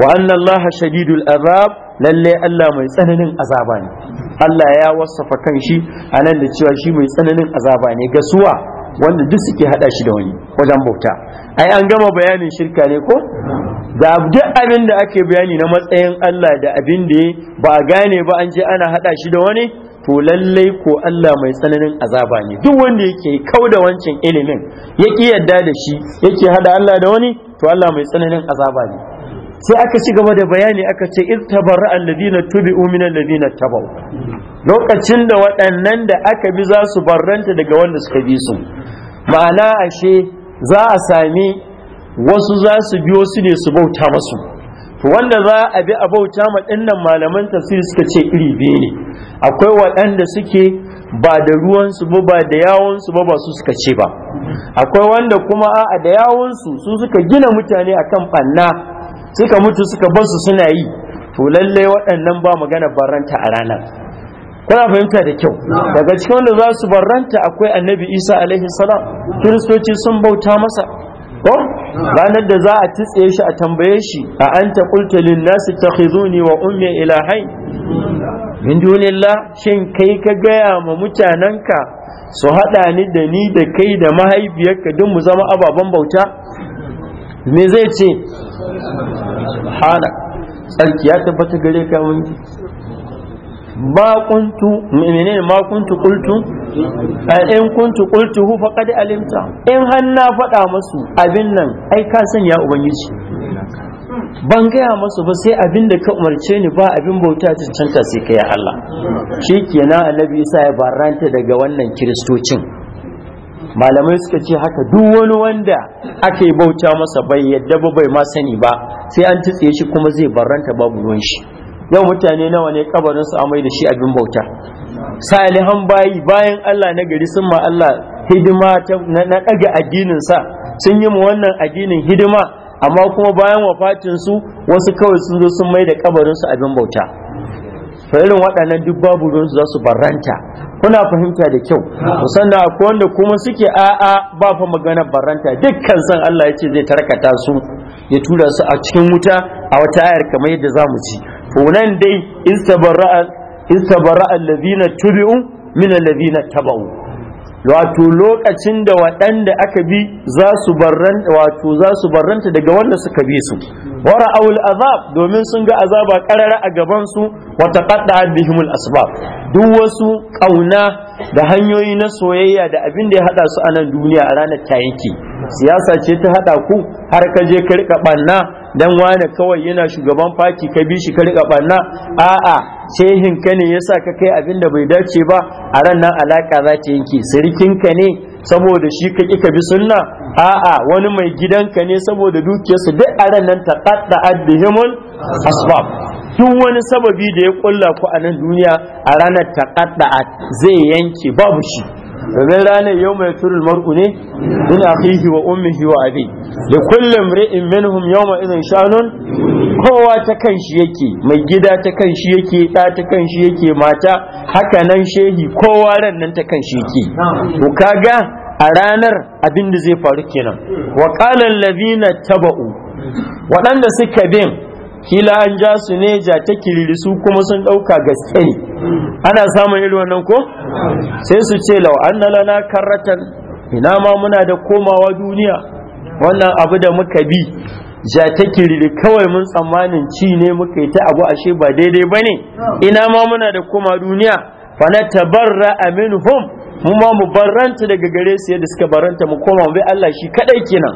B: wa anna shadidul azab lalle Allah mai tsananin azaba ne Allah ya wasafa kan shi anan da cewa shi mai tsananin azaba ne ga suwa wanda duk suke hada shi da wani wajen bauta ai an gama bayanin shirka ne ko da duk abin da ake bayani na matsayin Allah da abin da ba a gane ba an je ana hada shi da wani to lallai ko Allah mai tsananin azaba ne duk wanda yake kau da wancan ilimin yake yadda da shi yake hada Allah da wani to Allah mai tsananin azaba ne sai aka ci gaba da bayani aka ce iz tabarra alladhina tubi'u min alladhina tabau lokacin da waɗannan da aka bi za su barranta daga wanda suka bi su ma'ana ashe za a sami wasu za su biyo su ne su bauta masu to wanda za a bi a bauta ma dinnan malaman tafsiri suka ce iri biyu ne akwai waɗanda suke ba da ruwansu ba ba da yawonsu ba ba su suka ce ba akwai wanda kuma a da yawonsu su suka gina mutane akan ɓanna suka mutu suka basu suna yi to lallai waɗannan ba magana baranta a ranar kuna fahimta da kyau daga cikin wanda za su barranta akwai annabi isa alaihi salam kiristoci sun bauta masa ko ranar da za a titse shi a tambaye shi a an ta kulta linnasi ta wa ummi ilahai min dunillah shin kai ka gaya ma mutanenka su haɗa ni da ni da kai da mahaifiyarka duk mu zama ababen bauta me zai ce hana tsarki ya tabbata gare ka wanki ba kuntu menene ma kuntu qultu in kuntu qultuhu faqad alimta in har na faɗa musu abin nan ai ka sanya ubangiji ban gaya masu ba sai abin da ka umarce ni ba abin bauta ta cancanta sai ka ya Allah shi kenan annabi isa ya baranta daga wannan kiristocin malamai suka ce haka duk wani wanda ake bauta masa bai yadda ba bai ma sani ba sai an titse shi kuma zai baranta babu ruwan shi yau mutane nawa ne kabarin su amai da shi abin bauta salihan bayi bayan Allah na gari sun ma Allah hidima na ɗaga addinin sa sun yi mu wannan addinin hidima amma kuma bayan wafatin su wasu kawai sun zo sun mai da kabarin su abin bauta fa irin waɗannan duk babu ruwan su za su barranta kuna fahimta da kyau musanna akwai wanda kuma suke a'a ba fa magana barranta dukkan san Allah ya ce zai tarkata su ya tura su a cikin wuta a wata ayar kamar yadda za mu ci nan dai istabarra allazina tubi'u min allazina taba'u wato lokacin da waɗanda aka bi za su barran wato za su barranta daga wanda suka bi su wara awul azab domin sun ga azaba karara a gaban su wa taqatta bihimul asbab duk wasu kauna da hanyoyi na soyayya da abin da ya hada su a nan duniya a ranar tayanki, siyasa ce ta hada ku har ka je ka rika banna dan wane kawai yana shugaban faki ka bi shi ka rika banna a'a shehin ka ne yasa ka kai abin da bai dace ba a ran nan alaka za ta yanke sirkin ka ne saboda shi ka ki ka bi sunna a'a wani mai gidan ka ne saboda dukiyarsa duk a ran nan ta qadda addihimul asbab duk wani sababi da ya kulla ku a nan duniya a ranar ta zai yanke babu shi domin ranar yau mai turul mar'u ne min akhihi wa ummihi wa abi da kullum ri'in minhum yawma idan shanun kowa ta kan shi yake mai gida ta kan shi yake ɗa ta kan shi yake mata haka nan shehi kowa ran nan ta kan shi yake to kaga a ranar abin da zai faru kenan wa qala allazina taba'u waɗanda suka bin kila an ja su ne ja ta kiriri su kuma sun ɗauka gaske ne ana samun irin wannan ko sai su ce lau an lana karratan ina ma muna da komawa duniya wannan abu da muka bi ja ta kiriri kawai mun tsammanin ci ne muka yi ta abu ashe ba daidai ba ne ina ma muna da komawa duniya fa na tabarra hum mu ma mu barranta daga gare su yadda suka baranta mu koma mu bi Allah shi kadai kenan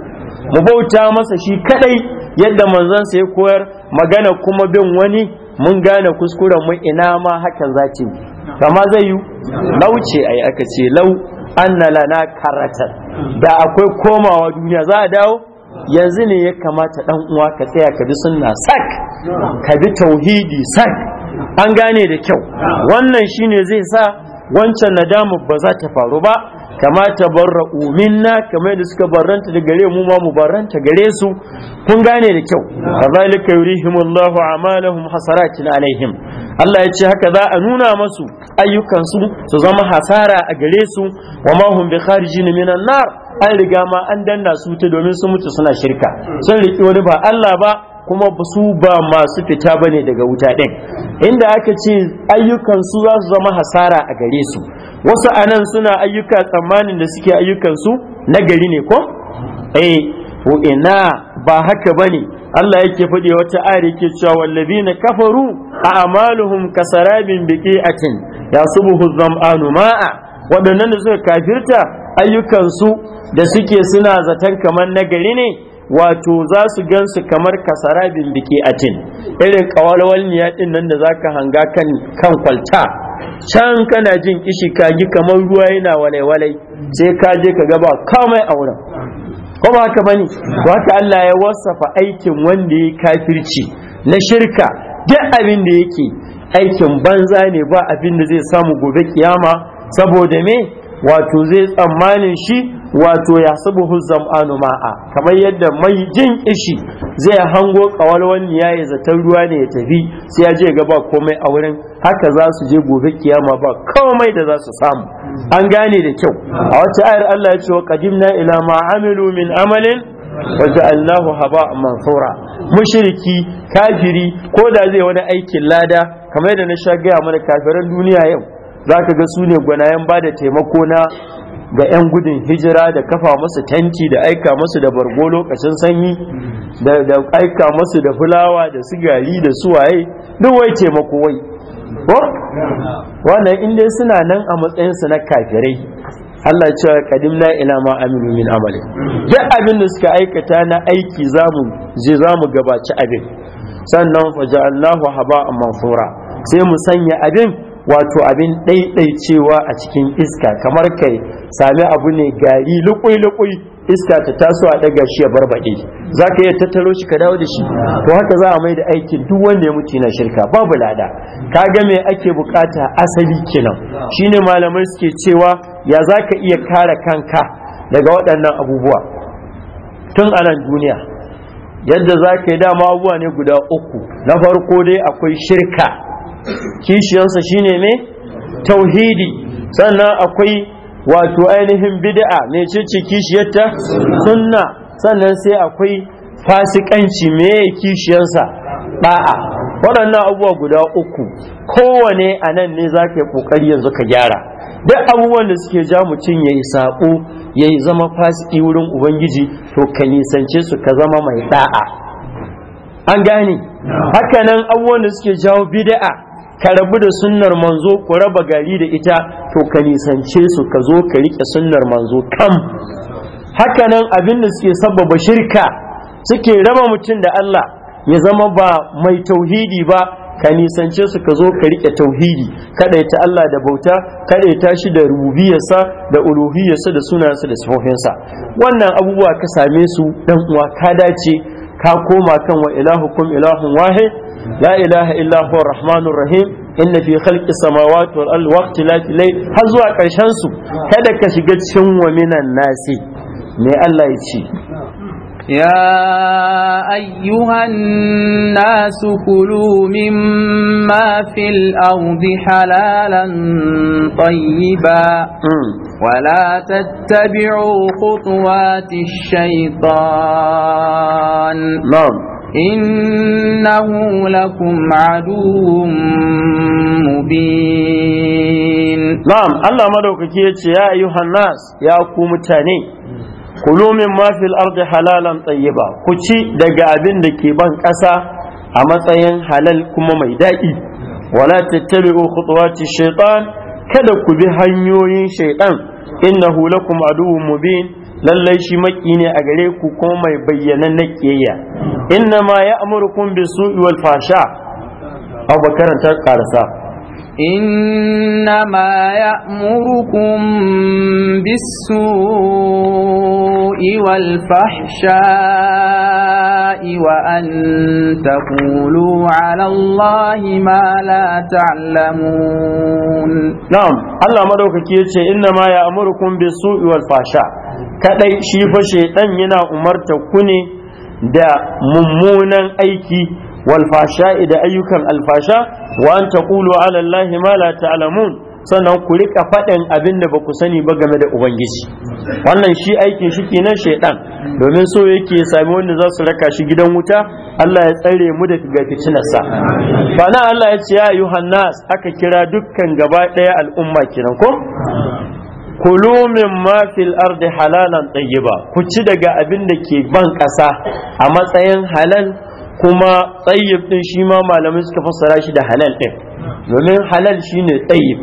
B: mu bauta masa shi kadai yadda manzon sa ya koyar magana kuma bin wani mun gane kuskuren mu ina ma hakan za ce kama zai yi lauce ai aka ce lau anna lana karatar da akwai komawa duniya za a dawo yanzu ne ya kamata dan uwa ka tsaya ka bi sunna
E: sak ka bi
B: tauhidi sak an gane da kyau wannan shine zai sa wancan nadamu ba za ta faru ba kama ta barra kamar da suka barranta da gare mu ma mu barranta gare su kun gane da kyau kazalika allahu amalahum hasaratin alaihim Allah ya ce haka za a nuna masu ayyukansu su zama hasara a gare su wa ma hum bi kharijin minan nar an riga ma an danna su ta domin su mutu suna shirka sun riki wani ba Allah ba kuma su ba masu fita ba ne daga wuta ɗin inda aka ce ayyukansu su za su zama hasara a gare su wasu anan suna ayyuka tsammanin da suke ayyukansu nagari na gari ne ko eh ina ba haka ba ne. Allah yake faɗi wata ari yake cewa na kafaru a'maluhum kasarabin ya yasubuhu zam'anu ma'a waɗannan da suka kafirta ayyukansu da suke suna zaton kamar nagari ne wato za su gansu kamar kasarabin biki atin irin ya din nan da zaka hanga kan kan kwalta can kana jin kishi kagi kamar ruwa yana walai-walai sai ka je ka gaba kamai a wurin ko ba haka bane haka Allah ya wasafa aikin wanda ya kafirci na shirka duk abin da yake aikin banza ne ba abin da zai samu gobe kiyama saboda me wato zai tsammanin shi wato ya sabu anu ma'a kamar yadda mai jin ishi zai hango kawalwan ya yi zaton ruwa ne ya tafi sai ya je ga ba komai a wurin haka za su je gobe kiyama ba komai da za su samu an gane da kyau a wata ayar Allah ya ce wa qadimna ila ma amilu min amalin waja'alnahu haba mansura mushriki kafiri ko da zai wani aikin lada kamar yadda na sha gaya mana kafiran duniya yau zaka ga su ne gwanayen bada taimako na ga 'yan gudun hijira da kafa masu tanti da aika masu da bargo lokacin sanyi da aika masu da fulawa da sigari da suwaye duk wai taimako wai wannan inda suna nan a matsayinsu na kafirai Allah cewa kadimna ila ma aminu min amali duk abin da suka aikata na aiki zamu je zamu gabaci abin sannan ja'alnahu haba'an mansura sai mu sanya abin wato abin ɗaiɗaicewa a cikin iska kamar kai sami abu ne gari lukui-lukui iska ta taso a ɗaga shi ya barbaɗe za ka iya tattaro shi ka dawo da shi to haka za a mai da aikin duk wanda ya mutu na shirka babu lada ka ga me ake bukata asali kenan shine malamai suke cewa ya za ka iya kare kanka daga waɗannan abubuwa tun a nan duniya yadda za ka yi dama abubuwa ne guda uku na farko dai akwai shirka kishiyarsa ne me tauhidi sannan akwai wato ainihin bid'a ne ce kishiyarta sunna sannan sai akwai fasikanci me kishiyarsa ba'a waɗannan abubuwa guda uku kowane a nan ne za ka yi ƙoƙari yanzu ka gyara duk abubuwan da suke ja mutum ya yi saƙo ya yi zama fasiki wurin ubangiji to ka nisance su ka zama mai ɗa'a. an gane hakanan abubuwan da suke jawo bid'a ka rabu da sunnar manzo ku raba gari da ita to ka nisance su ka zo ka rike sunnar manzo kam hakanan abin da suke sabbaba shirka suke raba mutum da Allah ya zama ba mai tauhidi ba ka nisance su ka zo ka rike tauhidi ta Allah da bauta ta shi da rububiyarsa da uluhiyarsa da sunansa da sifofinsa wannan abubuwa ka same su dan uwa ka dace ka koma kan wa ilahu, ilahukum ilahun wahid la ilaha illa rahim inna fi khalqi samawati wal ardi waqti lay har zuwa karshen su kada ka shiga cikin wa nasi me Allah ya ce
C: يا أيها الناس كلوا مما في الأرض حلالا طيبا ولا تتبعوا خطوات الشيطان نعم إنه لكم عدو مبين نعم الله مدوك
B: كيتش يا أيها الناس يا كومتاني كلوا مما في الأرض حلالا طيبا كتشي دقابين دكيبان كسا أما تين حلال كما ميدائي ولا تتبعوا خطوات الشيطان كدك بهنيوين bi إنه لكم عدو مبين lallai shi maƙi ne a gare ku ko mai bayyana na keya inna ma ya amurkun bi su'i fasha abu karanta karasa
C: inna ma ya amurkun bi su'i fasha wa an taqulu ala Allah ma la ta'lamun na'am Allah madaukaki yace
B: inna ma ya amurkun bi su'i wal fasha kadai shi fa shaidan yana umarta ku ne da mummunan aiki wal fasha'i da ayyukan alfasha wa an taqulu ala allahi ma la ta'lamun sannan ku rika faɗin abin da ba ku sani ba game da ubangiji wannan shi aikin shi kenan shaidan domin so yake sami wanda za su raka shi gidan wuta Allah ya tsare mu da ga fitinarsa na Allah ya ce ya yuhannas aka kira dukkan gaba ɗaya al'umma kenan ko kulu min ma fil ardi halalan tayyiba ku ci daga abin da ke ban ƙasa a matsayin halal kuma tsayyib din shi ma malamai suka fassara shi da halal din domin halal shine tsayyib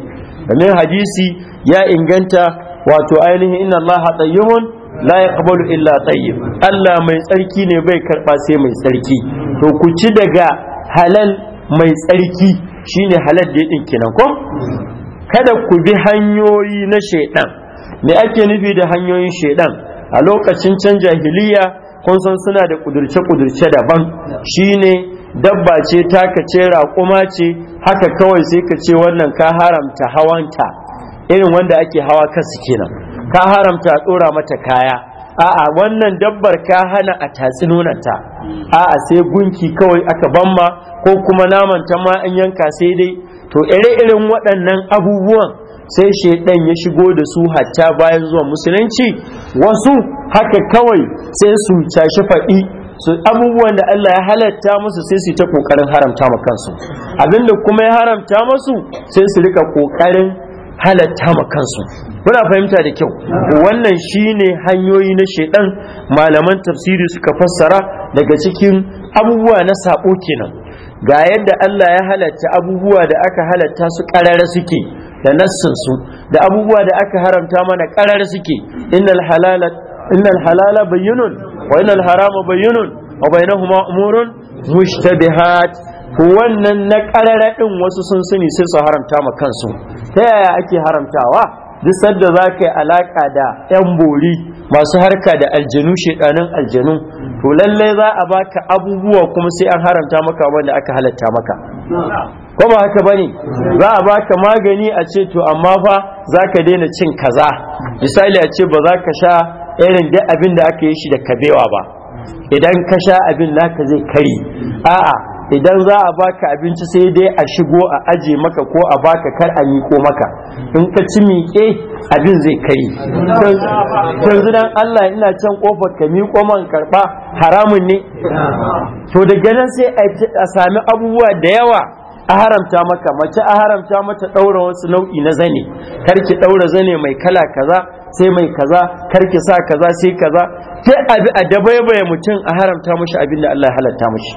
B: domin hadisi ya inganta wato ainihin inna allaha tayyibun la yaqbalu illa tayyib Allah mai tsarki ne bai karba sai mai tsarki to ku ci daga halal mai tsarki shine halal da ya kenan ko kada ku bi hanyoyi na shaidan me ake nufi da hanyoyin shaidan a lokacin can jahiliya kun san suna da kudurce-kudurce daban shine dabba ce taka ce raƙuma ce haka kawai sai ka ce wannan ka haramta hawanta irin wanda ake hawa kasu kenan ka haramta tsora mata kaya a'a wannan dabbar ka hana a tatsi a'a sai gunki kawai aka bamma ko kuma naman ta ma an yanka sai dai to ire-iren waɗannan abubuwan sai shaidan ya shigo da su hatta bayan zuwa musulunci wasu haka kawai sai su tashi faɗi su abubuwan da Allah ya halatta musu sai su ta kokarin haramta ma kansu abinda kuma ya haramta musu sai su rika ƙoƙarin halatta ma kansu muna fahimta da kyau wannan shine hanyoyi na shaidan malaman tafsiri suka fassara daga cikin abubuwa na sabo kenan ga yadda Allah ya halatta abubuwa da aka halatta su ƙarara suke da nassin su da abubuwa da aka haramta mana ƙarara suke innal halala innal halala bayyinun wa innal harama bayyinun wa bainahuma umurun mushtabihat wannan na ƙarara din wasu sun sani sai su haramta ma kansu ta yaya ake haramtawa duk sadda za ka yi alaƙa da 'yan bori masu harka da aljanu shedanin aljanu to lallai za a baka abubuwa kuma sai an haramta maka wanda aka halatta maka ko ba haka bane za a baka magani a ce to amma fa zaka daina cin kaza misali a ce ba za ka sha irin da abin da aka yi shi da kabewa ba idan ka sha abin naka zai kari a'a idan za a baka abinci sai dai a shigo a aje maka ko a baka kar a miko maka in ka ci miƙe abin zai kai yanzu dan Allah ina can kofar ka miko man karba haramun ne to da ganin sai a sami abubuwa da yawa a haramta maka mace a haramta mata daura wasu nau'i na zane kar ki ɗaura zane mai kala kaza sai mai kaza karki sa kaza sai kaza sai abi a dabaibaye mutum a haramta mashi abin da Allah ya halatta mashi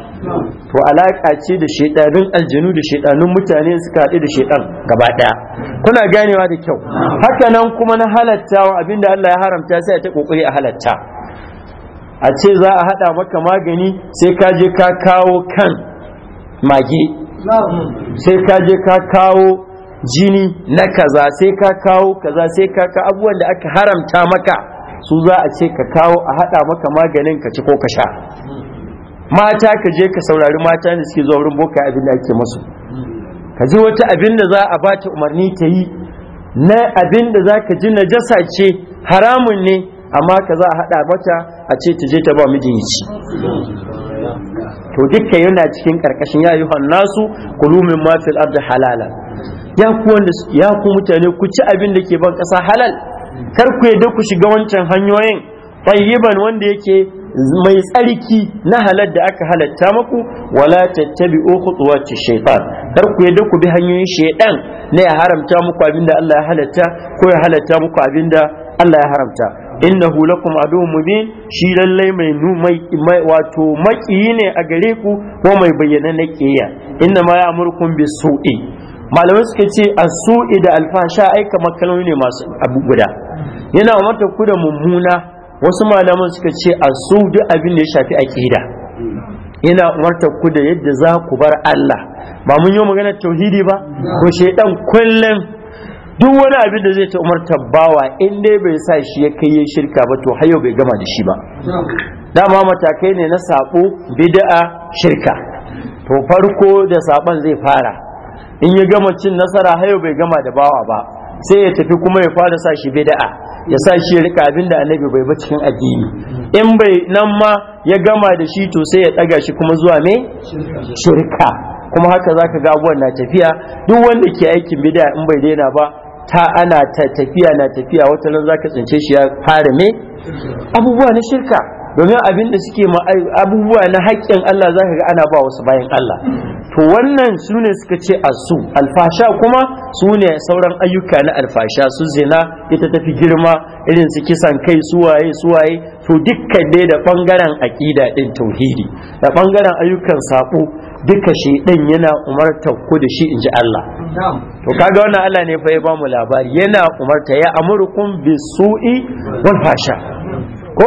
B: to alaka ce da shedanun aljinu da shedanun mutane suka haɗu da shedan gaba daya kuna ganewa da kyau haka nan kuma na halatta wa abin da Allah ya haramta sai a ta kokari a halatta a ce za a haɗa maka magani sai ka je ka kawo kan mage sai ka je ka kawo jini na kaza sai ka kawo kaza sai ka ka abubuwan da aka haramta maka su za a ce ka kawo a hada maka maganin ka ci ko ka sha mata ka je ka saurari mata da suke zuwa wurin boka abin da ake musu ka ji wata abin da za a bata umarni ta yi na abin da za ka ji najasa ce haramun ne amma ka za a hada mata a ce ta je ta ba mijin ya ci to dukkan yana cikin karkashin ya yi nasu kulumin mafil ardi halala ya ku wanda ya ku mutane ku ci abin da ke ban ƙasa halal kar ku yadda ku shiga wancan hanyoyin tayyiban wanda yake mai tsarki na halal da aka halatta muku wala tattabi'u khutuwati shaytan kar ku yadda ku bi hanyoyin shaytan ne ya haramta muku abin da Allah ya halatta ko ya halatta muku abin da Allah ya haramta innahu lakum aduwwun mubin shi lallai mai mai wato maƙiyi ne a gare ku ko mai bayyana na ƙiyya inna ma ya'murukum bisu'i malamai suka ce a sui da alfasha ai kamar kalmomi ne masu abu guda yana mata ku da mummuna wasu malaman suka ce a su duk abin da ya shafi aqida yana umarta ku da yadda za ku bar Allah ba mun yi magana tauhidi ba ko shedan kullum duk wani abin da zai ta umarta bawa in dai bai sa shi ya kai shirka ba to har bai gama da shi ba dama matakai ne na sabo bid'a shirka to farko da saban zai fara in ya gama cin nasara hayo bai gama da bawa ba sai ya tafi kuma ya fara sa shi bid'a ya sa shi rika abin da annabi bai ba cikin addini in bai nan ma ya gama da shi to sai ya daga shi kuma zuwa me shirka kuma haka zaka ga abuwan na tafiya duk wanda ke aikin bid'a in bai daina ba ta ana ta tafiya na tafiya wata nan zaka tsince shi ya fara me abubuwa na shirka domin abin da suke abubuwa na haƙƙin Allah zaka ga ana ba wasu bayan Allah to wannan su ne suka ce asu alfasha kuma su ne sauran ayyuka na alfasha su zina ita tafi girma irin su kisan kai su waye su waye to dukkan dai da bangaren aƙida din tauhidi da bangaren ayyukan sako duka shi din yana umarta ku da shi in ji Allah to kaga wannan Allah ne fa ya ba mu labari yana umarta ya amurkum bisu'i wal fasha ko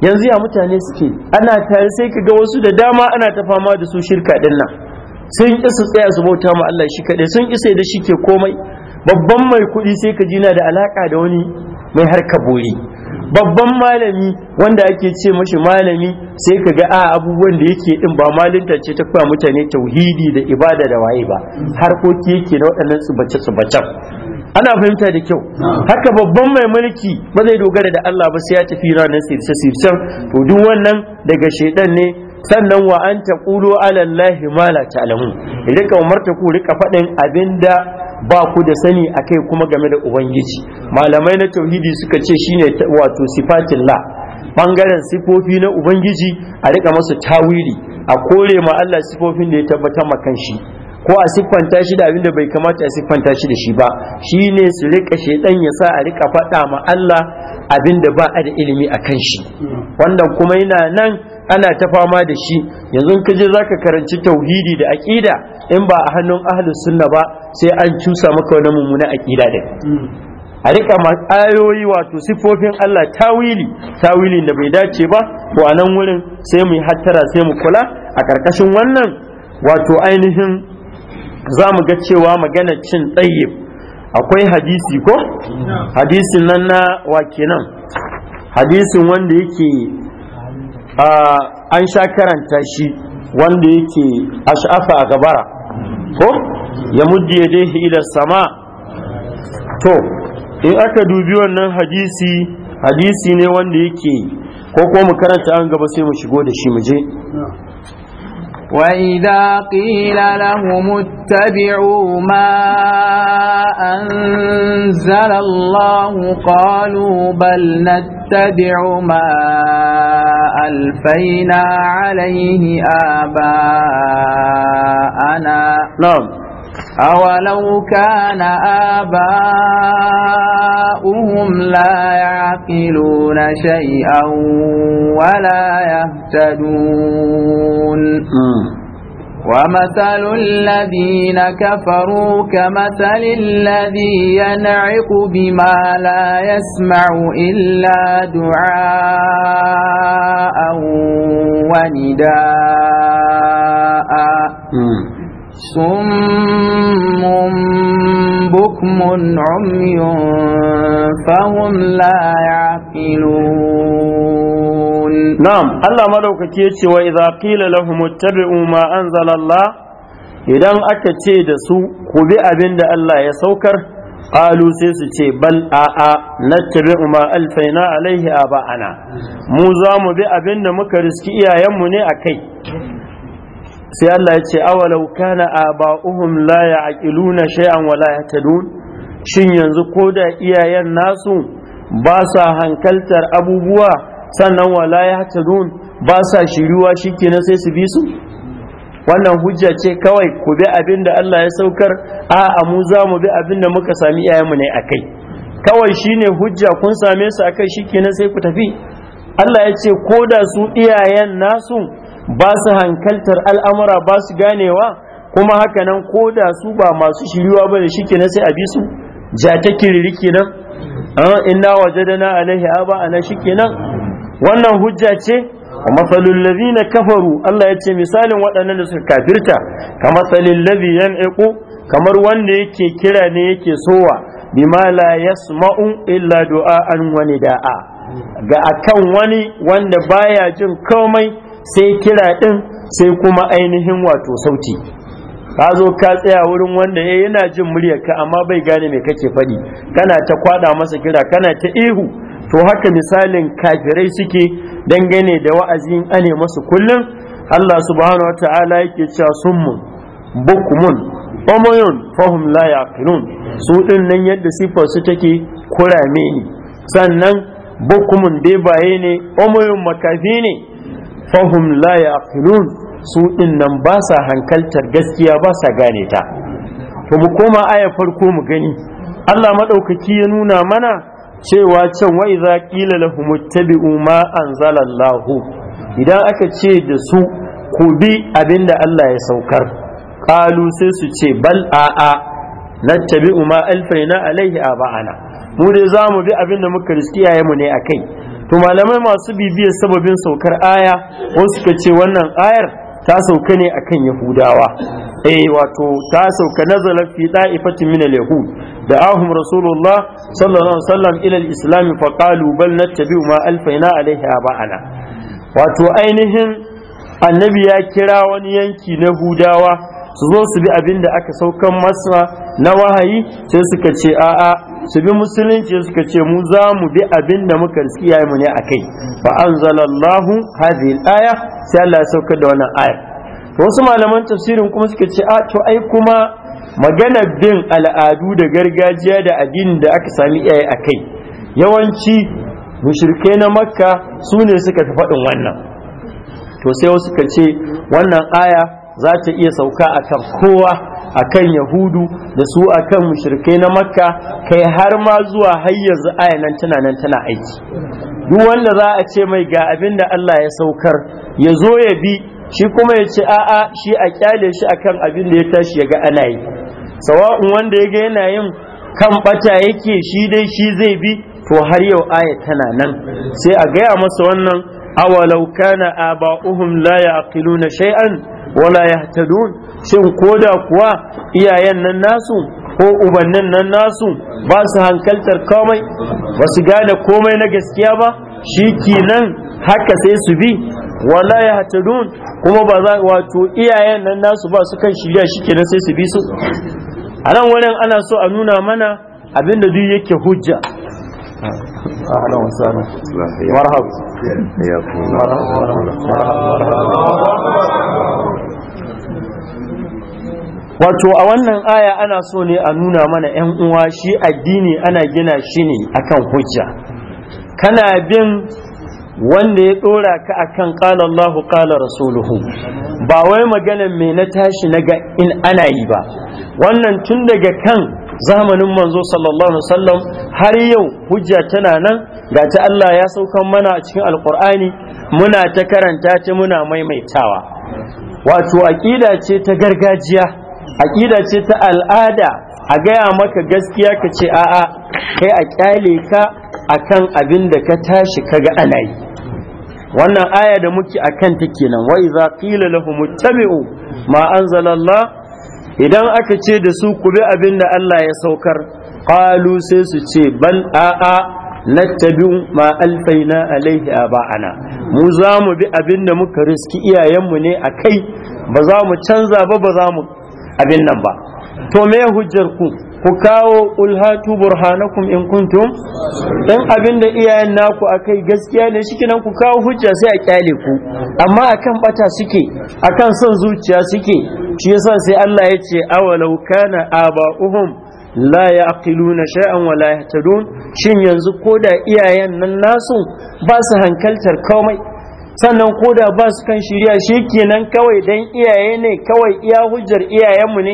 B: yanzu ya mutane suke ana tare sai ka ga wasu da dama ana ta fama da su shirka din nan sun isa tsaya su bauta ma Allah shi kaɗai sun isa da shi ke komai babban mai kuɗi sai ka jina da alaka da wani mai harka bori babban malami wanda ake ce mashi malami sai ka ga a abubuwan da yake din ba malinta ce ta koya mutane tauhidi da ibada da waye ba harkoki yake na waɗannan tsubace-tsubacen ana fahimta da kyau haka babban mai mulki ba zai dogara da Allah ba sai ya tafi ranar sirce sircen to duk wannan daga shaidan ne sannan wa an taqulu ala allahi ma la idan rika umarta ku rika faɗin abinda ba ku da sani akai kuma game da ubangiji malamai na tauhidi suka ce shine wato sifatillah bangaren sifofi na ubangiji a rika masa tawili a kore ma Allah sifofin da ya tabbatar ma shi. ko a siffanta shi da abin da bai kamata a siffanta shi da shi ba ne su rika shaidan ya sa a rika faɗa ma Allah abin da ba a da ilimi a kan shi wanda kuma yana nan ana ta fama da shi yanzu ka je zaka karanci tauhidi da aqida in ba a hannun ahlus sunna ba sai an cusa maka wani mummuna aqida da a rika ayoyi wato siffofin Allah tawili tawili da bai dace ba ko a nan wurin sai mu yi hattara sai mu kula a karkashin wannan wato ainihin za mu ga cewa magana cin tsayyib akwai hadisi ko hadisin nan na wake nan hadisin wanda yake an sha karanta shi wanda yake ash'afa a gabara ko ya muddi ya dai ila sama to in aka dubi wannan hadisi hadisi ne wanda yake ko ko mu karanta an gaba sai mu shigo da shi mu je
C: وإذا قيل لهم اتبعوا ما أنزل الله قالوا بل نتبع ما ألفينا عليه آباءنا نعم أولو كان آباؤهم لا يعقلون شيئا ولا يهتدون ومثل الذين كفروا كمثل الذي ينعق بما لا يسمع إلا دعاء ونداء صم بكم عمي فهم لا يعقلون
B: نعم الله مدوك كيتي وإذا قيل لهم اتبعوا ما أنزل الله idan aka ce da su ku bi abin da Allah ya saukar qalu sai su ce bal a'a nattabi'u ma alfaina alaihi aba'ana mu za mu bi abin da muka riski iyayenmu ne a kai sai Allah ya ce awalau kana aba'uhum la ya'qiluna shay'an wa la yahtadun shin yanzu ko da iyayen nasu ba sa hankaltar abubuwa sannan wa la yahtadun ba sa shiriwa shikenan sai su bi su wannan hujja ce kawai ku bi abinda da Allah ya saukar a'a mu za mu bi abinda muka sami mu ne akai kawai shine hujja kun same su akai shikenan sai ku tafi Allah ya ce ko da su iyayen nasu ba su hankaltar al'amura ba su ganewa kuma haka nan ko da su ba masu shiriwa ba da shike na sai a bi su ja ta kiriri kenan inna na alaihi aba ana shike nan wannan hujja ce na kafaru. Allah ya ce misalin waɗannan da suka kafirta matsalin salil yan yanqu kamar wanda yake kira ne yake sowa ma la yasma'u illa an wani da'a. ga akan wani wanda baya jin komai sai kira din sai kuma ainihin wato sauti ka zo ka tsaya wurin wanda ya eh, yana jin muryar ka amma bai gane me kake faɗi kana ta kwada masa kira kana ta ihu to haka misalin kafirai suke dangane da wa'azin ane masu kullum Allah subhanahu wata'ala yake cewa summun bukumun umayun fahum la yaqilun su din nan yadda sifar su take kurame ni, sannan bukumun bebaye ne umayun makafi ne fahum la yaqilun su nan ba sa hankaltar gaskiya ba sa gane ta to mu koma aya farko mu gani Allah madaukaki ya nuna mana cewa can wa iza qila lahum ittabi'u ma anzalallahu idan aka ce da su ku bi abinda Allah ya saukar ƙalu sai su ce bal a'a nattabi'u ma alfaina alaihi aba'ana mu dai za mu bi abinda muka riski yayi mu ne a kai. to malamai masu bibiyar sababin saukar aya wasu suka ce wannan ayar ta sauka ne akan yahudawa eh wato ta sauka nazala fi da'ifatin min al-yahud da ahum rasulullah sallallahu alaihi wasallam ila al-islam fa qalu bal nattabi'u ma alfaina alaihi aba'ana wato ainihin annabi ya kira wani yanki na hudawa su zo su bi abin da aka saukan masa na wahayi sai suka ce a'a su bi musulunci suka ce mu za mu bi abin da muka riski mu ne akai fa anzalallahu hadhihi al-aya sai Allah ya sauka da wannan aya wasu malaman tafsirin kuma suka ce a to ai kuma magana bin al'adu da gargajiya da addinin da aka sami iyaye a kai. yawanci mushrike na makka su ne suka fi faɗin wannan to sai wasu suka ce wannan aya za ta iya sauka a kan kowa akan yahudu da su akan mushrikai na makka kai har ma zuwa har yanzu nan tana nan tana aiki duk wanda za a ce mai ga abin da Allah ya saukar ya zo ya bi shi kuma ya ce a'a shi a kyale shi akan abin da ya tashi ya ga ana yi sawa'un wanda ya ga yana yin kan bata yake shi dai shi zai bi to har yau aya tana nan sai a gaya masa wannan awalau kana aba'uhum la yaqiluna shay'an wala ya yahtadun shin koda kuwa iyayen nan nasu ko ubannin nan nasu ba su hankaltar komai ba su gane komai na gaskiya ba shi kenan haka sai su bi wala ya yahtadun kuma ba za wato iyayen nan nasu ba su kan shirya shi kenan sai su bi su a nan wurin ana so a nuna mana abinda duk yake hujja
A: اهلا وسهلا مرحبا
B: wato a wannan aya ana so ne a nuna mana ‘yan uwa shi addini ana gina shi ne akan hujja kana bin wanda ya ɗora ka akan kan Allahu ƙala rasuluhu ba wai magana mai na tashi na ga in ana yi ba wannan tun daga kan zamanin manzo sallallahu alaihi wasallam har yau hujja tana nan ga ta Allah ya saukan mana a cikin alkur'ani muna ta karanta ta muna maimaitawa wato aƙida ce ta gargajiya aƙida ce ta al'ada a gaya maka gaskiya ka ce a'a kai a ƙyale ka akan abin da ka tashi ka ga yi wannan aya da muke akan ta kenan wa iza qila lahum ittabi'u ma anzalallah idan aka ce da su ku bi abin da Allah ya saukar qalu sai su ce ban a'a nattabi'u ma alfaina alaihi aba'ana mu za mu bi abin da muka riski iyayenmu ne a kai ba za mu canza ba ba za mu abin nan ba to me hujjar ku ku kawo ulhatu burhanakum in kuntum Dan abin da iyayen naku akai gaskiya ne shi ku kawo hujja sai a kyale ku amma akan bata suke akan son zuciya suke shi yasa sai Allah ya ce awalau kana aba'uhum la yaqiluna shay'an wa la yahtadun shin yanzu koda iyayen nan nasu ba su hankaltar komai sannan ko da ba su kan shirya shi kenan kawai dan iyaye ne kawai iya hujjar iyayenmu ne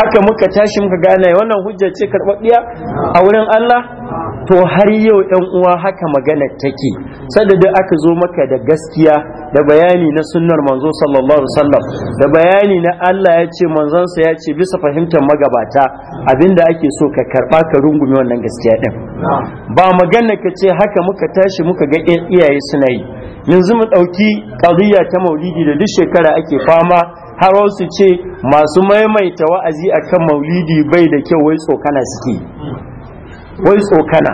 B: haka muka tashi muka gane wannan hujjar ce karɓaɓɓiya a wurin Allah to har yau ɗan uwa haka magana take sanda da aka zo maka da gaskiya da bayani na sunnar manzo sallallahu alaihi wasallam da bayani na Allah ya ce manzonsa ya ce bisa fahimtar magabata abinda ake so ka karɓa ka rungume wannan gaskiya ɗin ba magana ka ce haka muka tashi muka ga iyaye suna yi yanzu mu ɗauki ƙariya ta maulidi da duk shekara ake fama har wasu ce masu maimaita wa'azi akan maulidi bai da kyau wai tsokana suke wai tsokana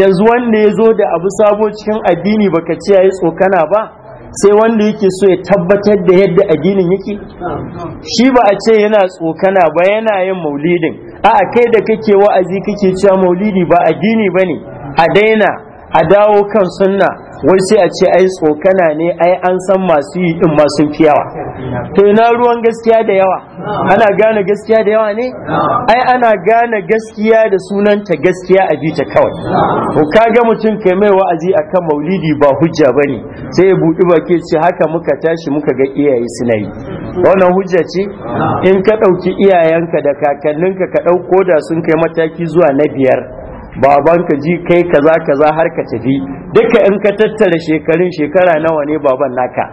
B: yanzu wanda ya zo da abu sabo cikin addini baka ce ya yi tsokana ba sai wanda yake so ya tabbatar da yadda addinin yake shi ba a ce yana tsokana ba yana yin maulidin a kai da kake wa'azi kake cewa maulidi ba addini ba ne a daina a dawo kan sunna wai sai a ce ai tsokana ne ai an san masu yi in ma sun fi to ina ruwan gaskiya da yawa ana gane gaskiya da yawa ne ai ana gane gaskiya da sunanta gaskiya a bita kawai to kaga mutum kai mai wa'azi akan maulidi ba hujja bane sai ya budi baki ce haka muka tashi muka ga iyaye suna yi wannan hujja ce in ka dauki iyayenka da kakanninka ka dauko da sun kai mataki zuwa na biyar babanka ji kai kaza kaza har ka tafi duka in ka tattara shekarun shekara nawa ne baban naka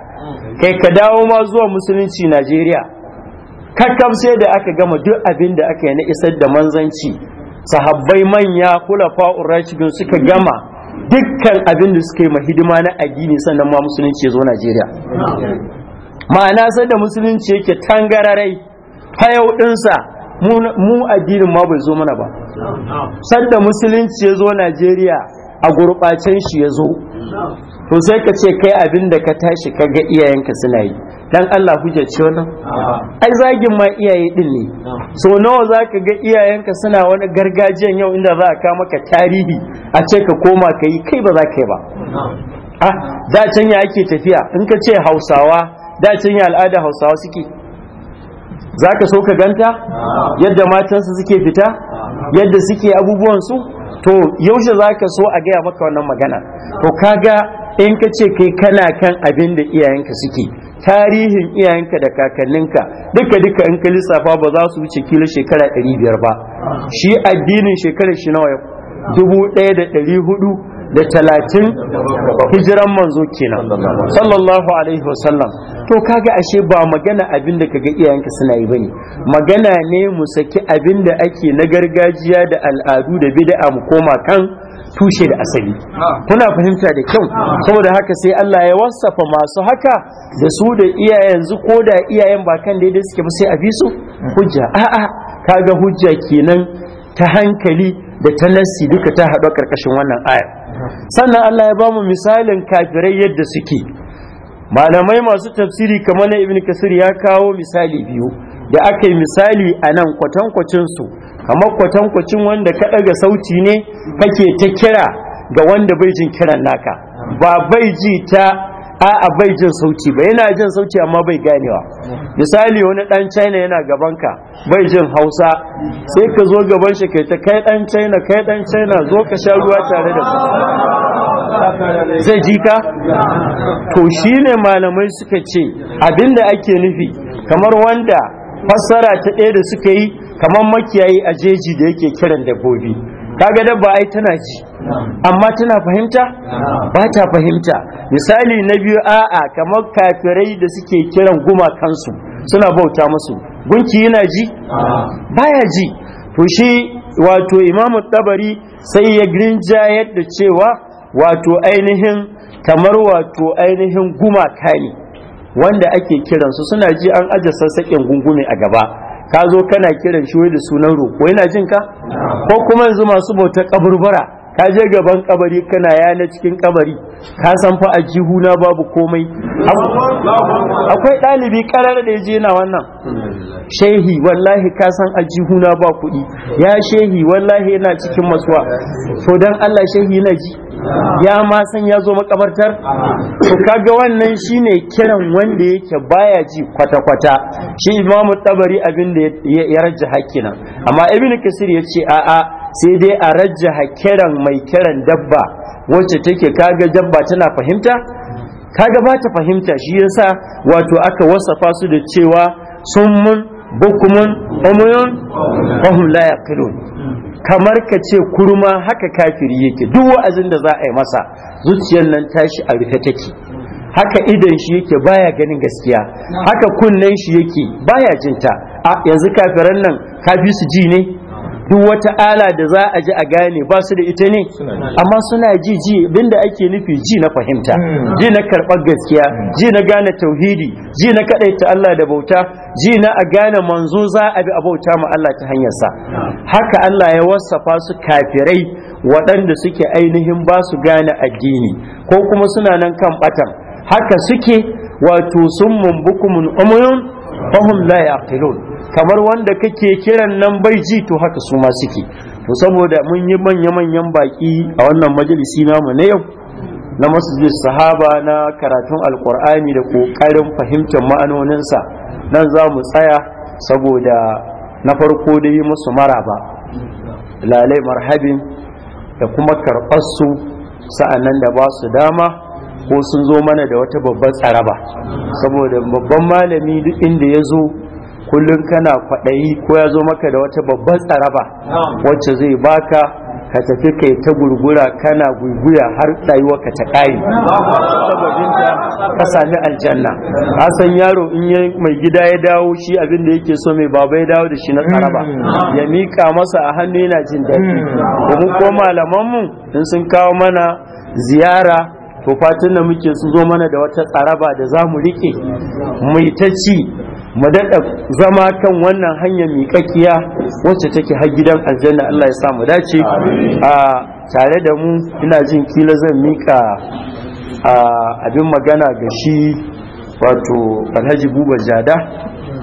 B: kai ka dawo ma zuwa musulunci Najeriya kakkam sai da aka gama duk abin da aka yi na isar da manzanci sahabbai manya kulafa urashidun suka gama dukkan abin da suka yi hidima na addini sannan ma musulunci ya zo Najeriya ma'ana sai da musulunci yake tangararai fayau dinsa mu addinin ma bai zo mana ba sanda musulunci ya zo najeriya a gurɓacen shi ya zo to sai ka ce kai abin da ka tashi ka ga iyayenka suna yi dan Allah hujja ce wannan ai zagin ma iyaye din ne so nawa zaka ga iyayenka suna wani gargajiyan yau inda za a ka maka tarihi a ce ka koma ka yi kai ba za ka yi ba ah da can ya ake tafiya in ka ce Hausawa da can ya al'ada Hausawa suke zaka so ka ganta yadda matansu suke fita yadda suke abubuwan su to yaushe ka so a gaya maka wannan magana to kaga in ka ce kai kana kan abin da iyayenka suke tarihin iyayenka da kakanninka duka duka in ka lissafa ba za su wuce kila shekara biyar ba shi addinin shekara shi nawa yau 1400 da talatin hijiran manzo kenan sallallahu alaihi wasallam to kaga ashe ba magana abin da kaga iyayenka suna yi bane magana ne mu saki abin da ake na gargajiya da al'adu da bid'a mu koma kan tushe da asali kuna fahimta da kyau saboda haka sai Allah ya wasafa masu haka da su da iyayen zu ko da iyayen ba kan daidai suke ba sai a bi su hujja a'a kaga hujja kenan ta hankali da ta nassi duka ta haɗu a ƙarƙashin wannan aya sannan Allah ya bamu misalin kafirai yadda suke malamai masu tafsiri kamar na ibn kasir ya kawo misali biyu da aka yi misali a nan kwatankwacin su kamar kwatankwacin wanda ka ɗaga sauti ne kake ta kira ga wanda bai jin kiran naka ba bai ji ta a'a bai jin sauti ba yana jin sauti amma bai ganewa misali wani dan china yana gaban ka bai jin hausa sai ka zo gaban shi kai ta kai dan china kai dan china zo ka sha
E: ruwa tare da su zai ji ka to
B: shine malamai suka ce abinda ake nufi kamar wanda fassara ta ɗaya da suka yi kamar makiyayi a jeji da yake kiran dabbobi kaga dabba ai tana ji amma tana fahimta ba ta fahimta misali na biyu a'a kamar kafirai da suke kiran gumakansu suna bauta musu gunki yana ji baya ji to shi wato imamu tabari sai ya grinja da cewa wato ainihin kamar wato ainihin gumaka ne wanda ake kiransu suna ji an aje sassaƙin gungume a gaba ka zo kana kiran shi da sunan roƙo yana jin ka ko kuma yanzu masu bauta kaburbura ka je gaban kabari kana yana cikin kabari ka san fa a jihuna babu komai akwai ɗalibi karar da ya je na wannan shehi wallahi ka san a jihuna ba kuɗi ya shehi wallahi yana cikin masuwa to dan Allah shehi yana ji ya ma san ya zo makabartar to kaga wannan shine kiran wanda yake baya ji kwata-kwata shi imamu tabari abin da ya rajja nan, amma ibn kasir ya ce a'a sai dai a rajja kiran mai kiran dabba wacce take kaga dabba tana fahimta kaga ba ta fahimta shi yasa wato aka wasafa su da cewa sun mun bukumun umuyun wahum la yaqilun kamar ka ce kurma haka kafiri yake duk wa'azin da za a yi masa zuciyar nan tashi a rufe take haka idan shi yake baya ganin gaskiya haka kunnen shi yake baya jinta a yanzu kafiran nan kafi su ji ne duk wata ala da za a ji a gane ba su da ita ne amma suna ji ji binda ake nufi ji na fahimta hmm. ji na karɓar gaskiya hmm. ji na gane tauhidi ji na kaɗaita Allah da bauta ji na a gane manzo za a bi a bauta ma Allah ta hanyarsa haka Allah ya wasafa su kafirai waɗanda suke ainihin ba su gane addini ko kuma suna nan kan ɓatan haka suke wato sun mumbukumun umuyun fahim la yaqilun kamar wanda kake kiran nan bai ji to haka su ma suke to saboda mun yi manya-manyan baki a wannan majalisi namu na yau na masjid sahaba na karatun alqur'ani da kokarin fahimtar ma'anoninsa nan za mu tsaya saboda na farko da yi musu maraba lalai marhabin da kuma karɓarsu sa'annan da ba su dama ko sun zo mana da wata babbar tsaraba saboda babban malami duk inda ya zo kullum kana kwaɗayi ko ya zo maka da wata babban tsaraba wacce zai baka ka tafi kai ta gurgura kana guguya har tsayuwa ka ta ƙari ka sami aljanna hasan yaro in ya mai gida ya dawo shi abinda da yake so mai baba ya dawo da shi na tsaraba mm. ya miƙa masa a hannu yana jin daɗi kuma mm. ko malamanmu in sun kawo mana ziyara to fatan da muke su zo mana da wata tsaraba da za mu rike mai ta ci mu zama kan wannan hanyar miƙaƙiya wacce take har gidan aljanna Allah ya sa mu dace a tare da mu ina jin kila zan miƙa abin magana ga shi wato alhaji buba jada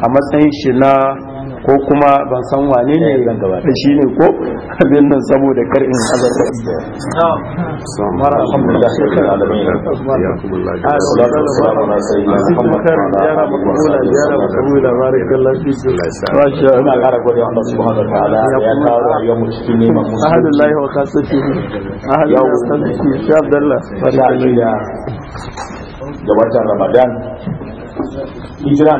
B: a matsayin shi na ko kuma ban san wane ne da shi ne ko abin nan saboda kar in azarba
F: ahlullahi wa da watan ramadan hijira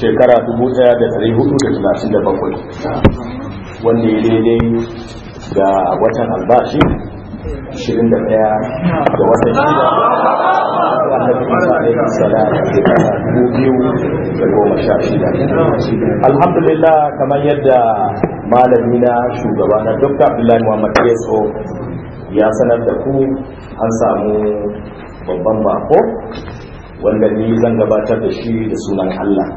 F: shekara 1437 wanda ya daidai ga watan albashi 21 ga watan shida alhamdulillah kamar yadda malami na shugaba na dr abdullahi muhammad so ya sanar da ku an samu babban bako wanda ni zan gabatar da shi da sunan Allah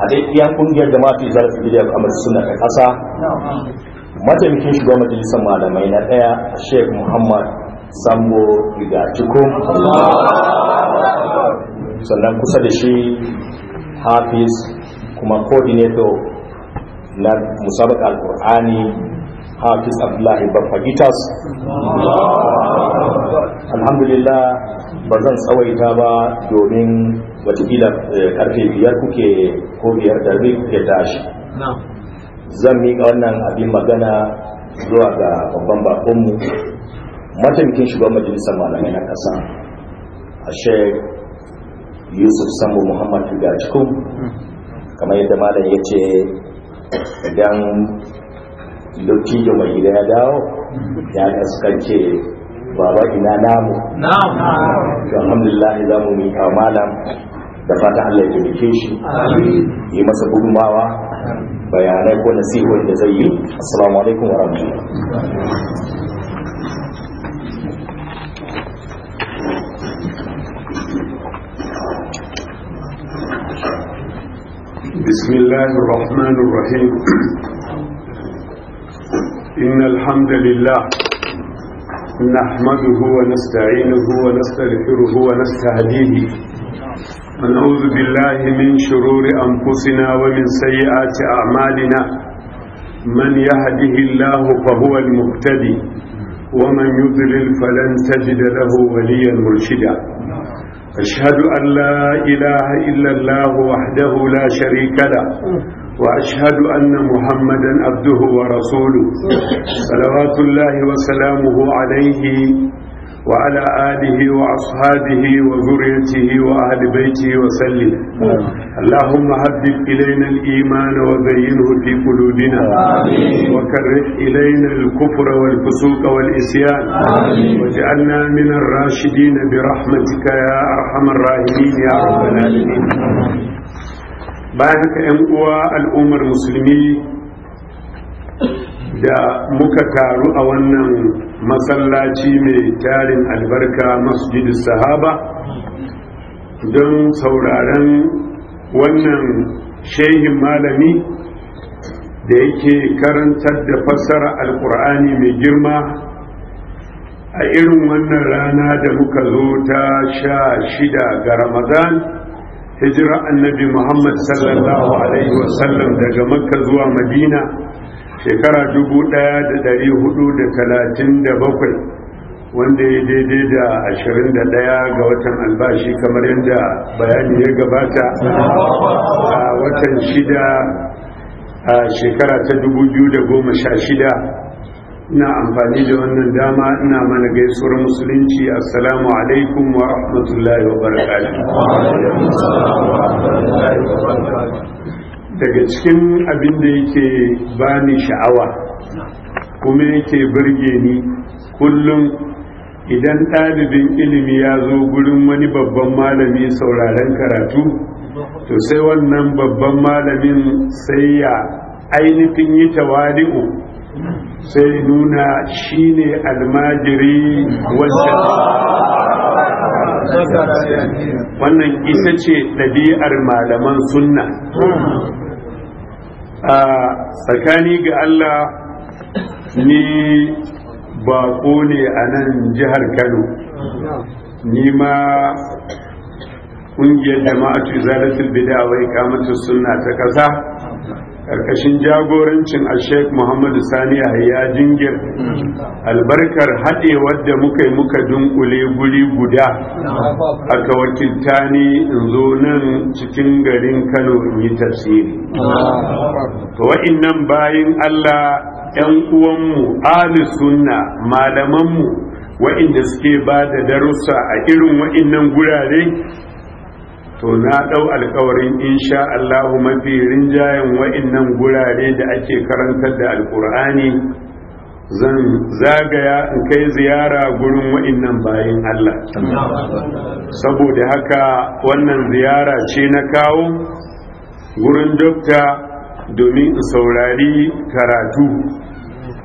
F: a dai iya kungiyar da mafi zarafi bidiyar kamar suna ta kasa mataimakin shugaban majalisar malamai na daya sheikh muhammad sambo rigacikun sannan kusa da shi hafiz kuma coordinator na musabar al-qur'ani hafiz abdullahi Bafagitas. alhamdulillah ba zan tsawaita ba domin watakila eh, karfe biyar kuke ko biyar da kuke tashi zan miƙa wannan abin magana zuwa ga babban bakonmu mataimakin shugaban majalisar malamai na ƙasa a sheik yusuf sambo muhammad Gajiku. kamar yadda malam ya ce idan lokacin mai gida ya dawo ya kaskance baba ina namu to alhamdulillah za mu mi malam da fata Allah ya taimake shi yi masa gudunmawa bayanai ko nasihon da zai yi assalamu alaikum wa rahmatullahi
G: بسم الله الرحمن الرحيم إن الحمد لله نحمده ونستعينه ونستغفره ونستهديه ونعوذ بالله من شرور أنفسنا ومن سيئات أعمالنا من يهده الله فهو المهتدي ومن يضلل فلن تجد له وليا مرشدا أشهد أن لا إله إلا الله وحده لا شريك له وأشهد أن محمدا عبده ورسوله صلوات الله وسلامه عليه وعلى آله وأصحابه وذريته وأهل بيته وسلم اللهم حبب إلينا الإيمان وزينه في قلوبنا وكره إلينا الكفر والفسوق والإسيان واجعلنا من الراشدين برحمتك يا أرحم الراحمين يا رب العالمين bayan haka 'yan uwa al'ummar musulmi da muka taru a wannan masallaci mai tarin albarka masjidin sahaba don sauraren wannan shehin malami da yake karantar da fassara alkur'ani mai girma a irin wannan rana da muka zo ta sha shida ga ramadan hijira annabi muhammad sallallahu alaihi wasallam daga makka zuwa madina shekara 1437 wanda ya daidai da 21 ga watan albashi kamar yadda bayani ya gabata a watan shida a shekara ta 2016 ina amfani da wannan dama ina mana gaisuwar musulunci assalamu alaikum wa rahmatullahi wa barakatuh daga cikin abin da yake bani sha'awa kuma yake birge ni kullum idan ɗalibin ilimi ya zo gurin wani babban malami sauraren karatu to sai wannan babban malamin sai ya ainihin yi tawadi'u sai nuna shi ne almajiri wannan isa ce ɗabi'ar malaman sunna a tsakani ga Allah ni baƙo ne a nan jihar Kano ni ma ƙungiyar jama'atu zalatul bida wai kamata sunna ta ƙasa ƙarƙashin jagorancin a sheikh muhammadu sani ya jingir albarkar haɗewar da muka yi muka dunkule guri guda a wakilta ne in zo nan cikin garin kano in yi tafsiri wa'innan bayan allah 'yan uwanmu ali sunna malamanmu wa'inda suke ba da darussa a irin wa'innan gurare to na ɗau alkawarin insha Allahu mafi rinjayen wa'innan gurare da ake karantar da alkur'ani zan zagaya in kai ziyara gurin wa'innan bayan Allah saboda haka wannan ziyara ce na kawo gurin dokta domin saurari karatu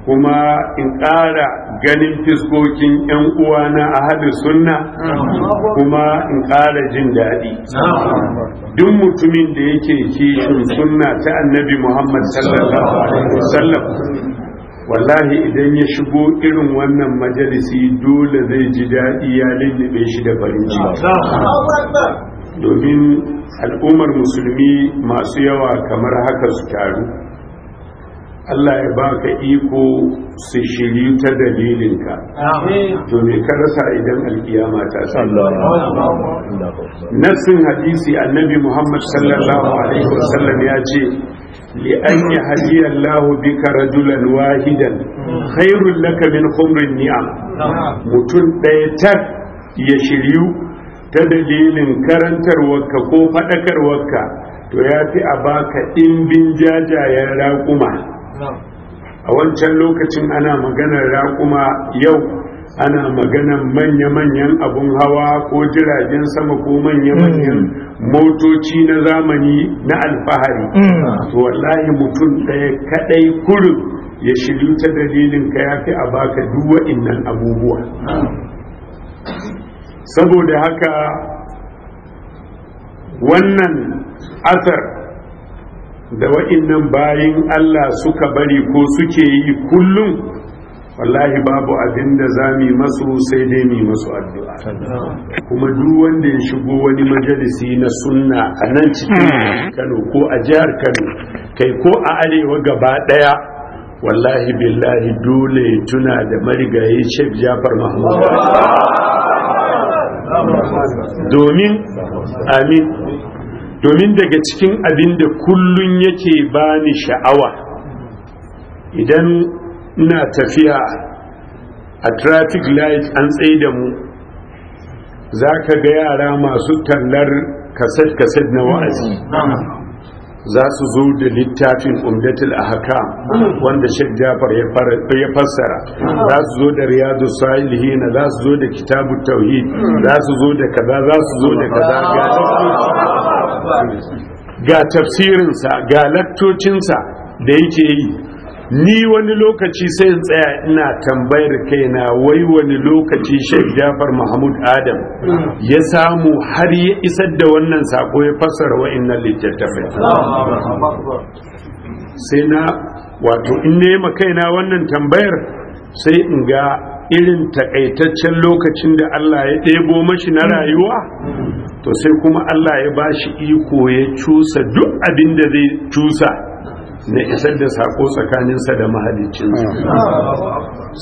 G: kuma in ƙara ganin fiskokin 'yan uwana a haɗin sunna kuma in ƙara jin daɗi duk mutumin da yake kishin sunna ta annabi muhammad sallallahu alaihi wallahi idan ya shigo irin wannan majalisi dole zai ji daɗi ya lullube shi da farin ciki domin al'ummar musulmi masu yawa kamar haka su taru Allah ya baka iko su shiri ta dalilinka to me ka rasa idan alkiyama ta nassin hadisi annabi Muhammad sallallahu alaihi wasallam ya ce li an hadiyar Allah bika rajulan wahidan khairul laka min khumrin ni'am mutun tak ya shiryu ta dalilin karantarwarka ko faɗakarwarka to ya fi a baka ɗimbin jajayen raƙuma
E: a
G: wancan lokacin ana maganar raƙuma yau ana maganar manya-manyan abun hawa ko jiragen sama ko manya-manyan hmm. motoci na zamani na alfahari hmm. to wallahi mutum ɗaya kaɗai kurin ya shiryu ta dalilin ka ya fi a baka duwa innan abubuwa saboda haka wannan asar da waɗannan bayin Allah suka bari ko suke yi kullum wallahi babu abin da za mu masu sai dai mu masu addu'a kuma duk wanda ya shigo wani majalisi na sunna a nan cikin Kano ko a jihar Kano kai ko a arewa gaba daya wallahi billahi dole ya tuna da marigayi Sheikh Jafar Mahmud domin amin domin daga cikin abin da kullun yake bani sha'awa idan ina tafiya a traffic light an tsaye da mu za ka ga yara masu tallar kaset-kaset na wa'azi za su zo da littafin umdatul ahaka wanda shek Jafar ya fassara za su zo da riyadu na za su zo da kitabu tauhid za su zo da kaza za su zo da
E: kaza
G: ga tafsirinsa ga laktocinsa da yake yi ni wani lokaci sai in tsaya ina tambayar kaina wai wani lokaci Sheikh Jafar Mahmud Adam ya samu har ya isar da wannan sako ya fassara wa'annan littattafai sai na wato in nema kaina wannan tambayar sai in ga irin takaitaccen lokacin da Allah ya ɗebo mashi na rayuwa to sai kuma Allah ya ba shi iko ya cusa duk abin da zai cusa na isar da sako tsakaninsa da mahaliccinsa.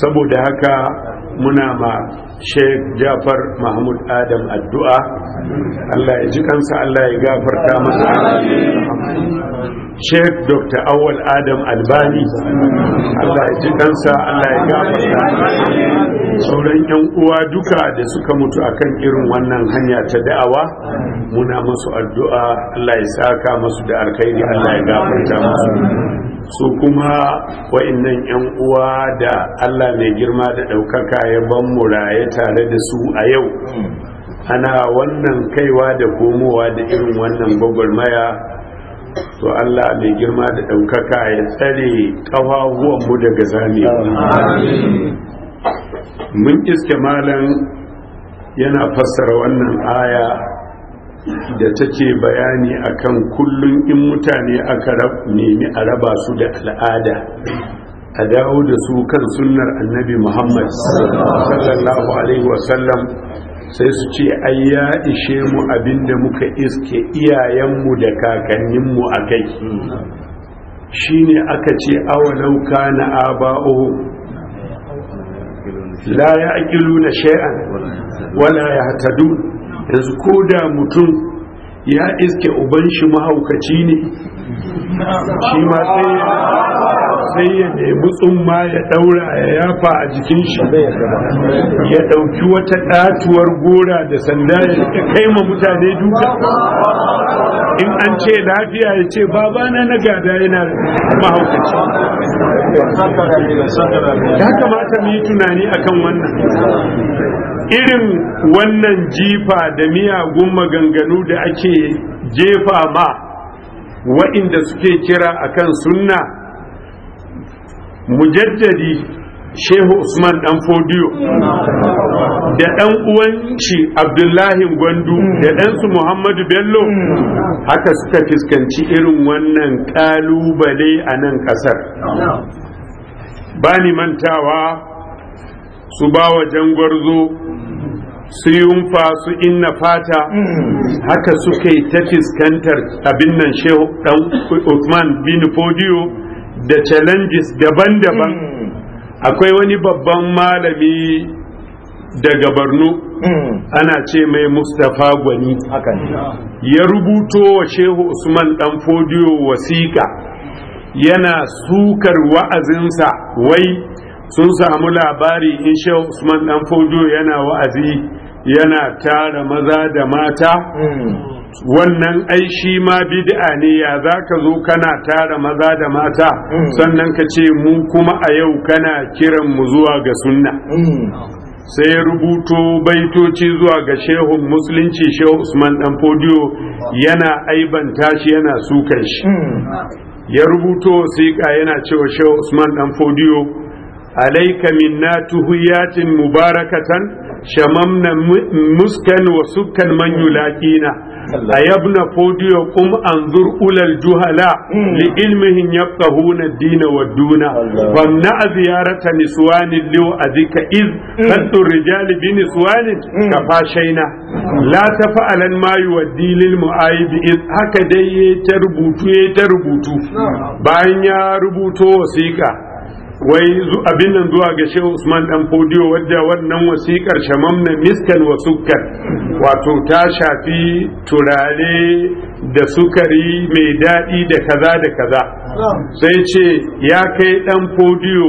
G: saboda haka muna ma Sheikh jafar mahmud adam addu'a Allah ya ji kansa Allah ya gafarta masa Sheikh dr awal adam albani Allah ya ji kansa Allah ya gafarta sauran yan uwa duka da suka mutu a kan irin wannan hanya ta da'awa muna masu addu'a Allah ya saka masu da alkhairi Allah ya gafarta musu. su kuma wa'annan yan uwa da Allah mai girma da ɗaukaka ya ban mu tare da su a yau ana wannan kaiwa da komowa da irin wannan gwagwarmaya to Allah mai girma da ɗaukaka ya tsare mu daga zane mun iske malan yana fassara wannan aya da take bayani akan kullun in mutane aka nemi a raba su da al'ada a dawo da su kan sunnar annabi muhammad sallallahu alaihi wasallam sai su ce ai ya ishe mu abinda muka iske iyayenmu da kakanninmu a kai shine aka ce awalau kana aba'o لا ya شيئا na يهتدون wala yanzu ko da mutum ya iske uban shi mahaukaci ne shi ma sai ya nemi tsumma ya ɗaura ya yafa a jikin shi ya ɗauki wata ɗatuwar gora da sanda ya kai ma mutane duka in an ce lafiya ya ce babana na gada yana mahaukaci ya kamata mu yi tunani akan wannan irin wannan jifa da miyagun maganganu da ake jefa ma wa'inda suke kira akan sunna mujaddadi shehu usman dan fodiyo da ɗan Uwanci abdullahi gwandu da ɗansu muhammadu bello haka suka fiskanci irin wannan ƙalubale a nan ƙasar ba ni mantawa su ba wa jangwarzo su yunfa su inna fata haka suka yi ta fiskantar abin nan shehu dan usman bin fodiyo da challenges daban-daban akwai wani babban malami daga barno
E: hmm.
G: ana ce mai mustapha gwani ya rubuto wa shehu usman dan fodiyo wasiƙa yana sukar wa'azinsa wai sun samu labari in shehu usman dan fodiyo yana wa'azi yana tara maza da mata hmm. wannan ai shi ma bid'a ne ya za ka zo kana tara maza da mata hmm. sannan ka ce mu kuma a yau kana kiran mu zuwa ga sunna hmm. sai ya rubuto baitoci zuwa ga shehun musulunci shehu usman dan fodiyo yana aibanta shi yana sukan shi hmm. ya rubuto wasiƙa yana cewa shehu usman dan fodiyo alaika minna tuhiyatin mubarakatan shamamna muskan wa sukkan man yulaqina ayabna fodiyo kum anzur ulal juhala li ilmihim yafqahuna ad-din wa ad-duna famna ziyarata niswan liw adika iz qaddu rijal bi niswan kafashaina la tafa'alan ma yuwaddi lil mu'ayyid iz haka dai ya ta rubutu ya ta rubutu bayan ya rubuto wasiƙa. wai abin nan zuwa ga shehu usman dan fodiyo wadda wannan wasikar shamamna miskan wa sukkar wato ta shafi turare da sukari mai daɗi da kaza da kaza sai ce ya kai dan fodiyo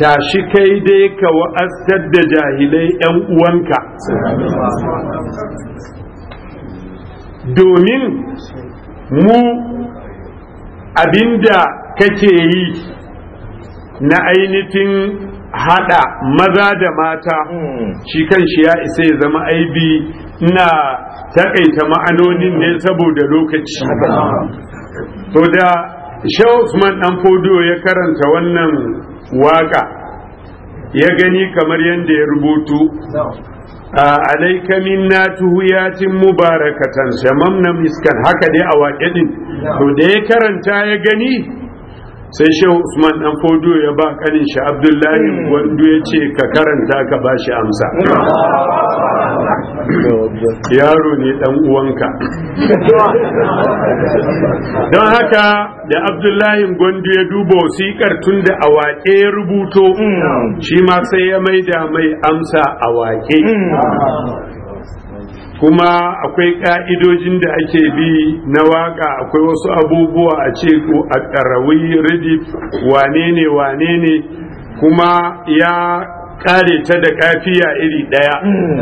G: tashi kai dai ka wa'astar da jahilai 'yan uwanka domin mu abinda kake yi na ainihin hada maza da mata hmm. shi kan shi ya isa ya zama aibi na takaita ma'anonin ne saboda lokaci to da shehu usman dan fodo ya karanta wannan waka ya gani kamar yadda ya rubutu alaika minna tuhuyatin mubarakatan na miskan haka dai a waƙe din to da ya karanta ya gani sai shehu usman dan fodo ya ba kanin shi abdullahi hmm. wanda ya ce ka karanta ka ba shi amsa yaro ne dan uwanka don haka da abdullahi gwandu ya duba wasiƙar tun da waƙe ya rubuto hmm. shi ma sai ya maida mai amsa waƙe hmm. kuma akwai ƙa'idojin da ake bi na waka, akwai wasu abubuwa a ce a ƙarawi ridif wane ne wane ne kuma ya ƙare ta da kafiya iri ɗaya hmm.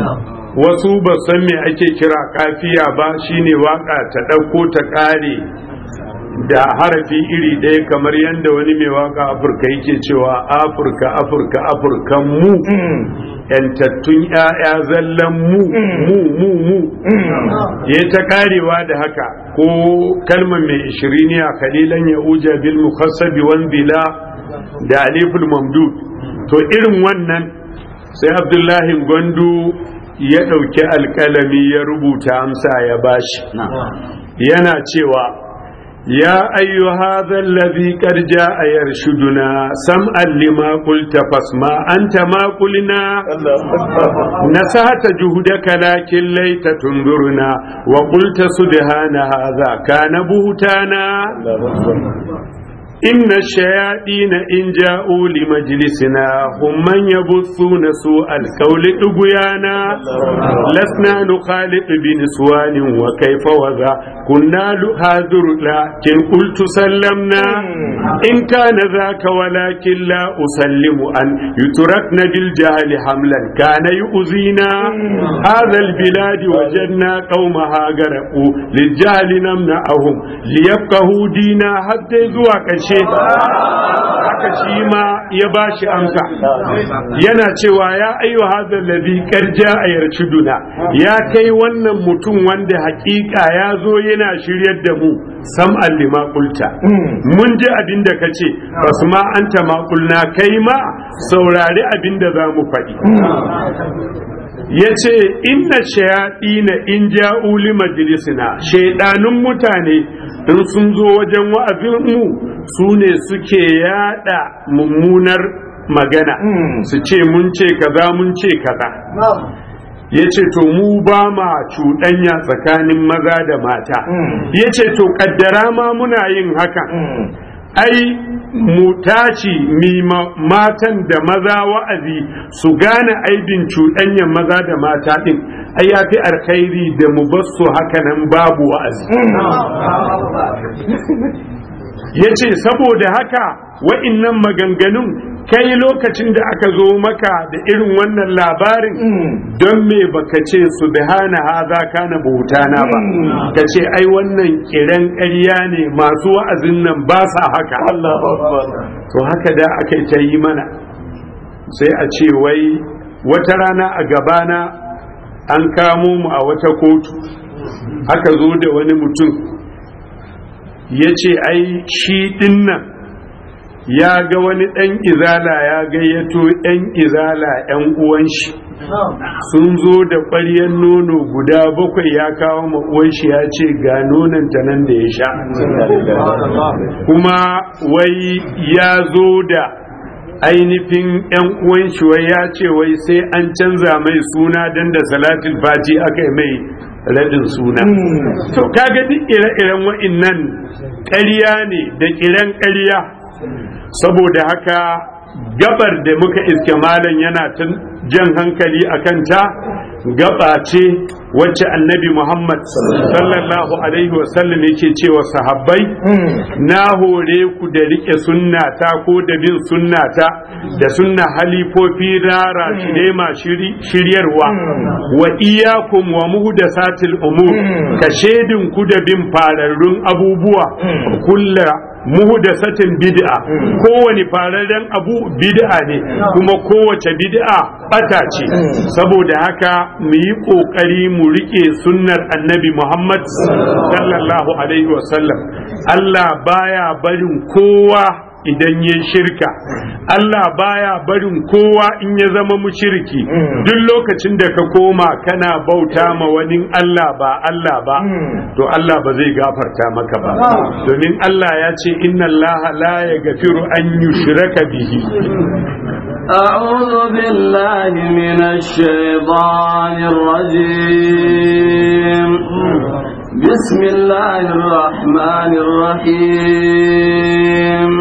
G: wasu ba san me ake kira kafiya ba shine waka ta ɗauko ta ƙare da harafi iri ɗaya kamar yadda wani mai waka afirka yake cewa afirka afirka afirka mu yantattun mm. ya'ya zallan mm. mu
D: mu mu mu mm.
G: ya ta karewa da haka ko kalmar mai a kalilan ya uja bil mukassabi wan bila da aliful Mamdu, to irin wannan sai abdullahi gwandu ya ɗauki alkalami ya rubuta amsa ya bashi yana cewa يا أيها هذا الذي قد جاء يرشدنا سمعا لما قلت فاسمع أنت ما قلنا نسهت جهدك لكن ليت تنظرنا وقلت سبحان هذا كان بهتانا inna shayaɗina in ja'u li majlisina hum man yabuthuna su alqawli duguyana lasna nukhaliq bi niswanin wa kayfa waza kunna luhaduru la kin qultu sallamna in kana zaka walakin la usallimu an yutrakna bil jahli hamlan kana yu'zina hadha al bilad wajanna qaumaha garaku lil jahli namna'ahum liyafqahu dina hatta zuwa ƙarshe haka shi ma ya ba shi amsa yana cewa ya ayyu hadha alladhi a yar yarshuduna ya kai wannan mutum wanda haƙiƙa ya zo yana shiryar da mu sam'an lima qulta mun ji abin da kace basma anta ma qulna kai ma saurari abin da za mu faɗi ya ce inna shayaɗi na in ja'uli majalisina shaiɗanun mutane in sun zo wajen wa'azinmu su ne suke yada mummunar magana hmm. su ce mun ce kaza mun ce kaza ya ce to mu ba ma cuɗanya tsakanin maza da mata hmm. ya ce to kaddara ma muna yin haka hmm. ai mu tashi matan da maza wa'azi su gane aibin cuɗanyan maza da mata ɗin ai ya fi alkhairi da mu basu haka nan babu wa'azi ya ce saboda haka wa'innan maganganun kai lokacin da aka zo maka da irin wannan labarin hmm. don me baka ce su bihana haza kana na ba hmm. ka ce ai wannan kiran ƙarya ne masu wa'azin nan ba sa haka to haka da aka ta yi mana sai a ce wai wata rana a gabana an kamo mu a wata kotu aka zo da wani mutum ya ce ai shi dinnan ya ga wani ɗan izala ya gayyato ɗan izala ‘yan uwanshi. sun zo da ƙwaryen nono guda bakwai ya kawo ma'uwan shi ya ce ga nonon ta nan da ya sha kuma wai ya zo da ainihin yan uwan shiwai ya ce wai sai an canza mai suna dan da salatin fati aka mai raɗin
E: suna hmm.
G: to kaga duk ire-iren wa'innan ƙarya ne da ƙiren ƙarya saboda haka gabar da muka iske malam yana tun jan hankali a kanta gaba ce wacce annabi Muhammad sallallahu alaihi wasallam yake cewa sahabbai na hore ku da rike sunnata ko da bin sunnata da sunna halifofi rara shirema shiryarwa wa iyakum wa satil umur ka shedin ku da bin fararrun abubuwa kulla muhdasatin bid'a hmm. kowani fararen abu bid'a ne kuma kowace bid'a bata ce hmm. saboda haka mu yi kokari mu rike sunnar annabi Muhammad sallallahu alaihi wasallam Allah baya barin kowa idan ya shirka Allah baya barin kowa in ya zama mushiriki hmm. duk lokacin da ka koma kana bauta ma wani Allah ba Allah ba hmm. to Allah ba zai gafarta maka ba ah. domin Allah ya ce inna Allah la yaghfiru an yushraka bihi
D: أعوذ بالله من الشيطان الرجيم بسم الله الرحمن الرحيم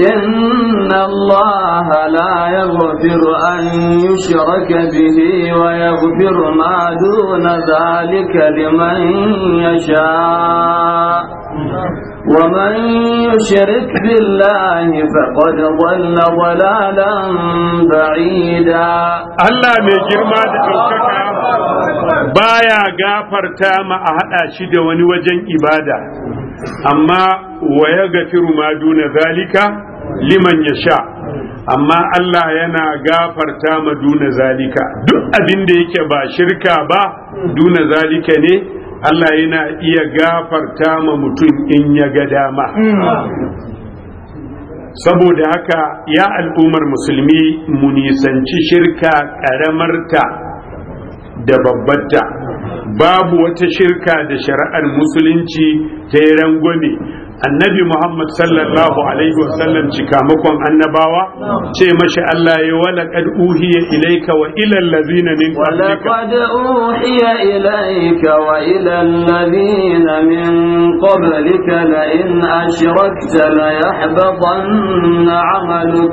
D: إن الله لا يغفر أن يشرك به ويغفر ما دون ذلك لمن يشاء ومن يشرك بالله فقد ضل ضلالا بعيدا الله mai girma da
A: ɗaukaka
G: baya gafarta ma a haɗa shi da wani wajen ibada amma waya ya gafiru ma duna zalika liman ya sha amma Allah yana gafarta ma duna zalika duk abin da yake ba shirka ba duna zalika ne Allah yana iya gafarta ma mutum in ya ga dama saboda haka ya al'ummar musulmi mu nisanci shirka ƙaramarta da babbarta babu wata shirka da shari'ar musulunci ta yi rangwame annabi Muhammad sallallahu alaihi wasallam makon annabawa ce mashi Allah ya wala kad uhiya ilaika wa ila allazina min qablika wa laqad
C: uhiya
D: ilayka wa ila allazina min qablika la in ashrakta la yahbatanna 'amaluk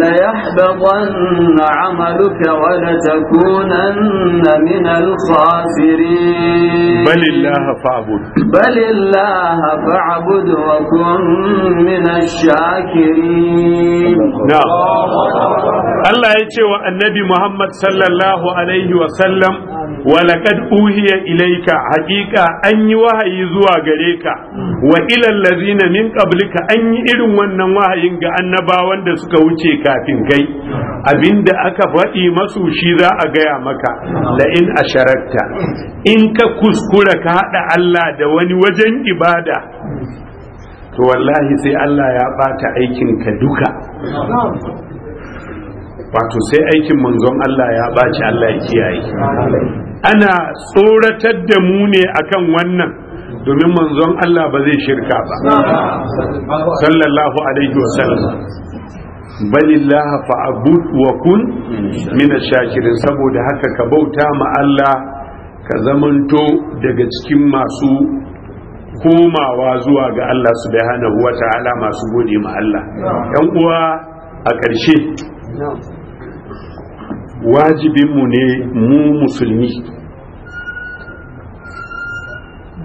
D: la yahbatanna 'amaluka wa la takunanna min al-khasirin bal
G: illaha fa'bud
D: bal illaha fa'bud فاعبد وكن من الشاكرين
G: نعم الله يتشوى النبي محمد صلى الله عليه وسلم wa uhiya ilayka haqiqa an yi wahayi zuwa gare ka wa ilal ladzina min qablika an yi irin wannan wahayin ga annabawan da suka wuce kafin kai abinda aka faɗi masu shi za a gaya maka la in asharakta in ka kuskura ka haɗa Allah da wani wajen ibada to wallahi sai Allah ya ɓata aikinka duka wato sai aikin manzon Allah ya baci Allah ya kiyaye ana tsoratar da mu ne akan wannan domin manzon Allah ba zai shirka ba sallallahu alaihi wasallam balillaha fa'bud wa kun min shakirin saboda haka ka bauta ma Allah ka zamanto daga cikin masu komawa zuwa ga Allah subhanahu wa ta'ala masu gode ma Allah yan uwa a ƙarshe waajibi mu ne mu musulmi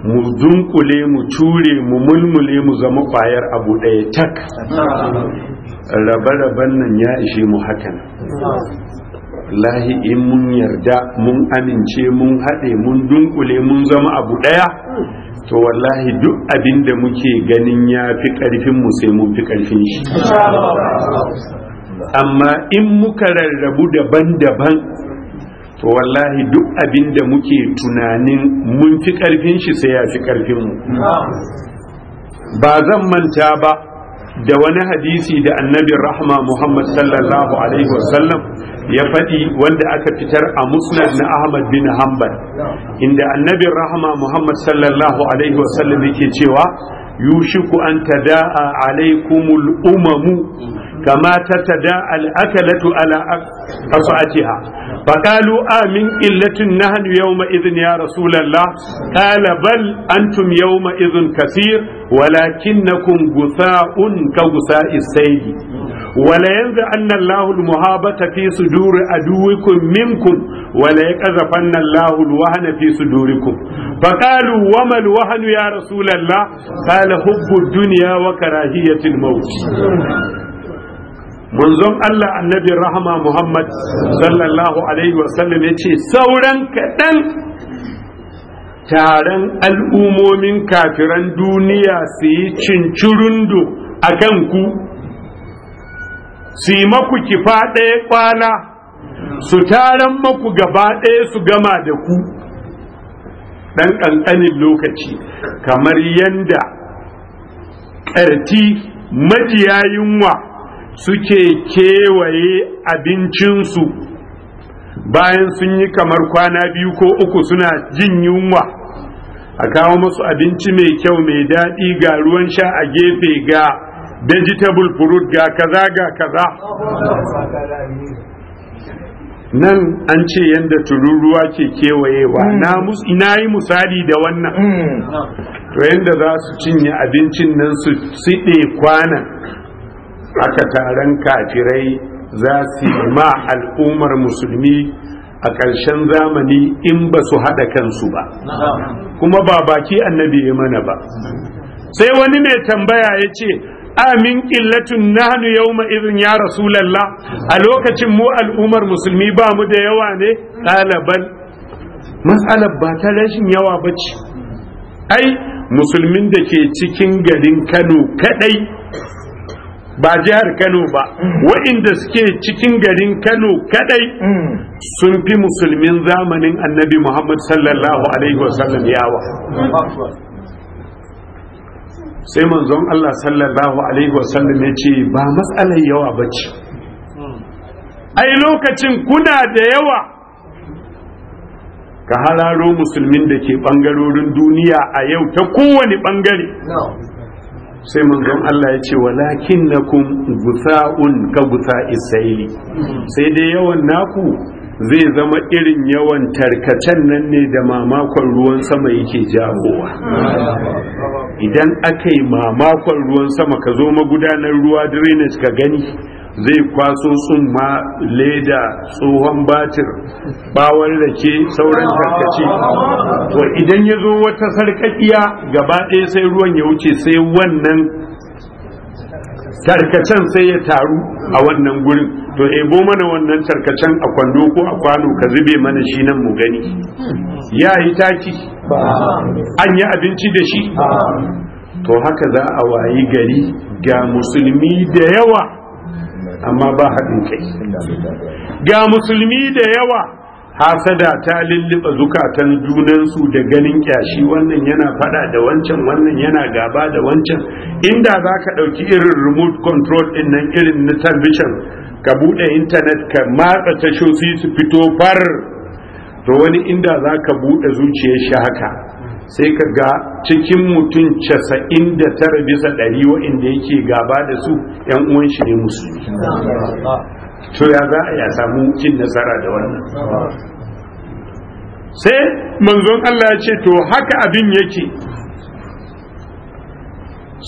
G: mu dunkule mu cuure mu mulmule mu zama ƙwayar abu ɗaya tak rabe-raben nan ya ishe mu hakan lahi in mun yarda mun amince mun haɗe mun dunkule mun zama abu ɗaya to wallahi duk abin da muke ganin ya fi ƙarfin mu sai mun fi ƙarfin shi amma in muka rarrabu daban-daban to wallahi duk abin da muke tunanin mun fi karfin shi sai ya fi mu ba zan manta ba da wani hadisi da annabin rahma muhammad sallallahu alaihi wasallam ya faɗi wanda aka fitar a musnad na ahmad bin hanbal inda annabin rahma muhammad sallallahu alaihi wasallam yake cewa yushiku an tada'a alaikumul umamu kama tatada al'akalatu ala asatiha faqalu amin illatun nahnu yawma idhin ya rasulullah qala bal antum walakin na kun gusa un ka gusa isaidi. wala yanzu anna lahul al ta fi suduri aduwikum minkum wala yaqzafanna Allahu lahul wahna fi duri faqalu wama al-wahnu ya rasulullah qala hubbu duniya wa karahiyatil maut manzon Allah annabi rahama Muhammad sallallahu alaihi wasallam ya ce sauran kaɗan taron al'ummomin kafiran duniya su yi cincirundo a kan ku su yi maku kifa ɗaya kwana su taron maku gaba ɗaya su gama da ku ɗan ƙanƙanin lokaci kamar yanda ƙarti majiya yunwa suke kewaye abincinsu bayan sun yi kamar kwana biyu ko uku suna jin yunwa a kawo masu abinci mai kyau mai daɗi ga ruwan sha a gefe ga vegetable fruit ga kaza ga kaza nan an ce yadda tururuwa ke kewayewa mm. na yi musali da wannan mm. to yadda za su cinye abincin nan su siɗe kwanan haka taron kafirai za su ma al'ummar musulmi a ƙarshen zamani in ba su haɗa kansu ba kuma ba baki annabi ya mana ba sai wani mai tambaya ya ce amin ƙillatun nahnu yawma irin ya rasulallah a lokacin mu al'ummar musulmi ba mu da yawa ne ɗaliban matsalar ba ta rashin yawa ba ce ai musulmin da ke cikin garin kano kaɗai ba jihar Kano ba waɗanda suke cikin garin Kano kadai hmm. sun fi musulmin zamanin annabi Muhammad sallallahu alaihi wasallam yawa sai manzon Allah sallallahu alaihi wasallam ya ce ba matsalar yawa ba ce ai lokacin kuna da yawa ka hararo musulmin da ke ɓangarorin duniya a yau ta kowane ɓangare sai mun manzon Allah ya ce walakin na kun gusa'un ka gusa isra'ili sai dai yawan naku zai zama irin yawan tarkacen nan ne da mamakon ruwan sama yake jagowa idan aka yi mamakon ruwan sama ka zo magudanar ruwa drainage ka gani zai kwaso tsumma leda tsohon batir bawar da ke sauran karkace to idan ya zo wata sarkakiya gaba ɗaya sai ruwan ya wuce sai wannan tarkacen sai ya taru a wannan gurin to ebo mana wannan tarkacen a kwando ko a kwano ka zube mana shi nan mu gani ya yi taki an yi abinci da shi to haka za a wayi gari ga musulmi da yawa amma ba haɗin kai ga musulmi da yawa hasada ta lulluɓa zukatan junansu da ganin kyashi wannan yana fada da wancan wannan yana gaba da wancan inda za ka ɗauki irin remote control ɗin nan irin na talbishin ka buɗe intanet ka matsa tashoshi su fito far to wani inda za ka buɗe zuciyar shi haka sai ka ga cikin mutum casa'in da tara bisa ɗari wa'inda yake gaba da su ‘yan uwan shi ne musulmi to ya za a ya samu cin nasara da wannan sai manzon Allah ya ce to haka abin yake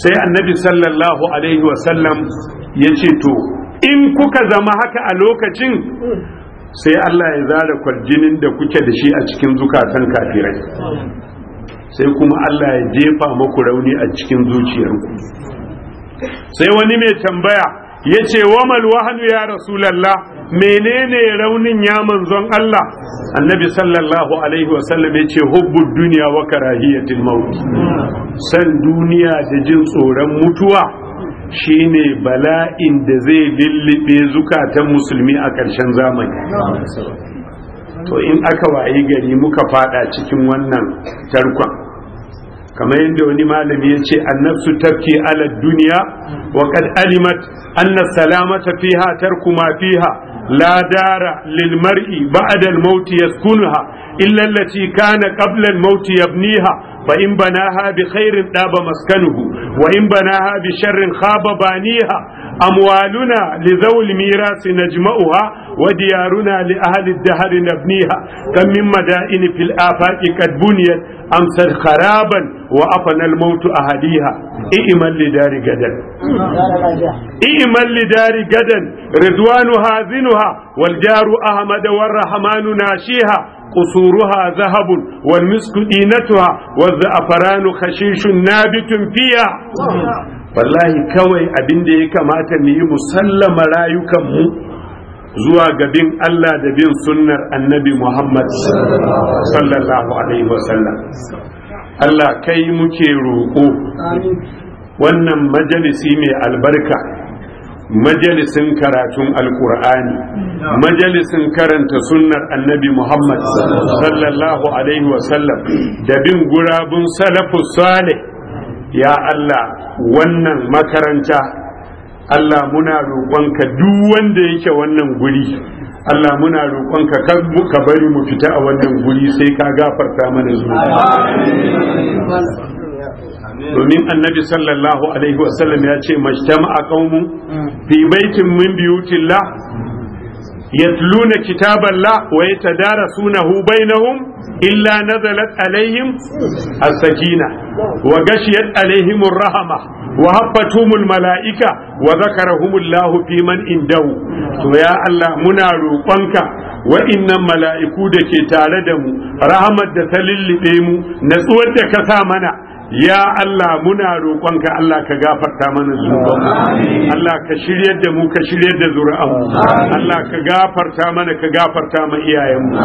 G: sai annabi sallallahu alaihi wasallam ya ce to in kuka zama haka a lokacin sai Allah ya zara kwaljinin da kuke da shi a cikin zukatan kafirai sai kuma Allah ya jefa maku rauni a cikin zuciyarku sai wani mai tambaya ya ce wamal wahanu ya rasu rasulallah menene raunin ya manzon Allah annabi sallallahu alaihi wasallam ya ce hubbud duniya wa karahiyatil maut san duniya da jin tsoron mutuwa shine bala'in da zai lullube zukatan musulmi a ƙarshen zamani to in aka wayi gari muka fada cikin wannan tarkon kamar yadda wani malami ya ce annafsu tafki ala duniya wa kad alimat anna salamata fiha tarku ma fiha la dara lil mar'i ba'da al maut yaskunuha illa allati kana qabla al maut yabniha fa in banaha bi khairin daba maskanuhu wa in banaha bi sharrin khaba baniha amwaluna li zawil miras najma'uha wa diyaruna li ahli ad-dahr nabniha kam min madain fil afaqi qad buniyat amsar kharaban wa afanal mautu ahadiha i'mal lidari gadan i'mal lidari gadan ridwanu hazinuha wal jaru ahmad war rahmanu nashiha قصورها ذهب والمسك دينتها والزعفران خشيش نابت فيها wallahi kawai abin da ya kamata mu yi musallama rayukanmu zuwa ga bin Allah da bin sunnar annabi Muhammad sallallahu alaihi wasallam Allah kai muke roƙo wannan majalisi mai albarka majalisin karatun alƙur'ani majalisin karanta sunnar annabi muhammad sallallahu alaihi wasallam da bin gurabun salafus salih ya allah wannan makaranta Allah muna roƙonka duk wanda yake wannan guri Allah muna roƙonka kar ka bari mu fita a wannan guri sai ka gafarta mana zuwa domin annabi sallallahu alaihi wasallam ya ce majtama'a qaumun fi baitin min biyutillah yatluna kitaballah wa yatadarasunahu bainahum illa nazalat alaihim as-sakina wa gashiyat alaihim rahama wa habbatuhumul mala'ika wa zakarahumullahu fi man indahu to ya Allah muna roƙonka wa'innan mala'iku da ke tare da mu rahamar da ta lullube mu natsuwar da ka sa mana ya Allah muna roƙonka Allah ka gafarta mana zunubanmu Allah ka shiryar da mu ka shiryar da zuri'anmu Allah ka gafarta mana ka gafarta ma iyayenmu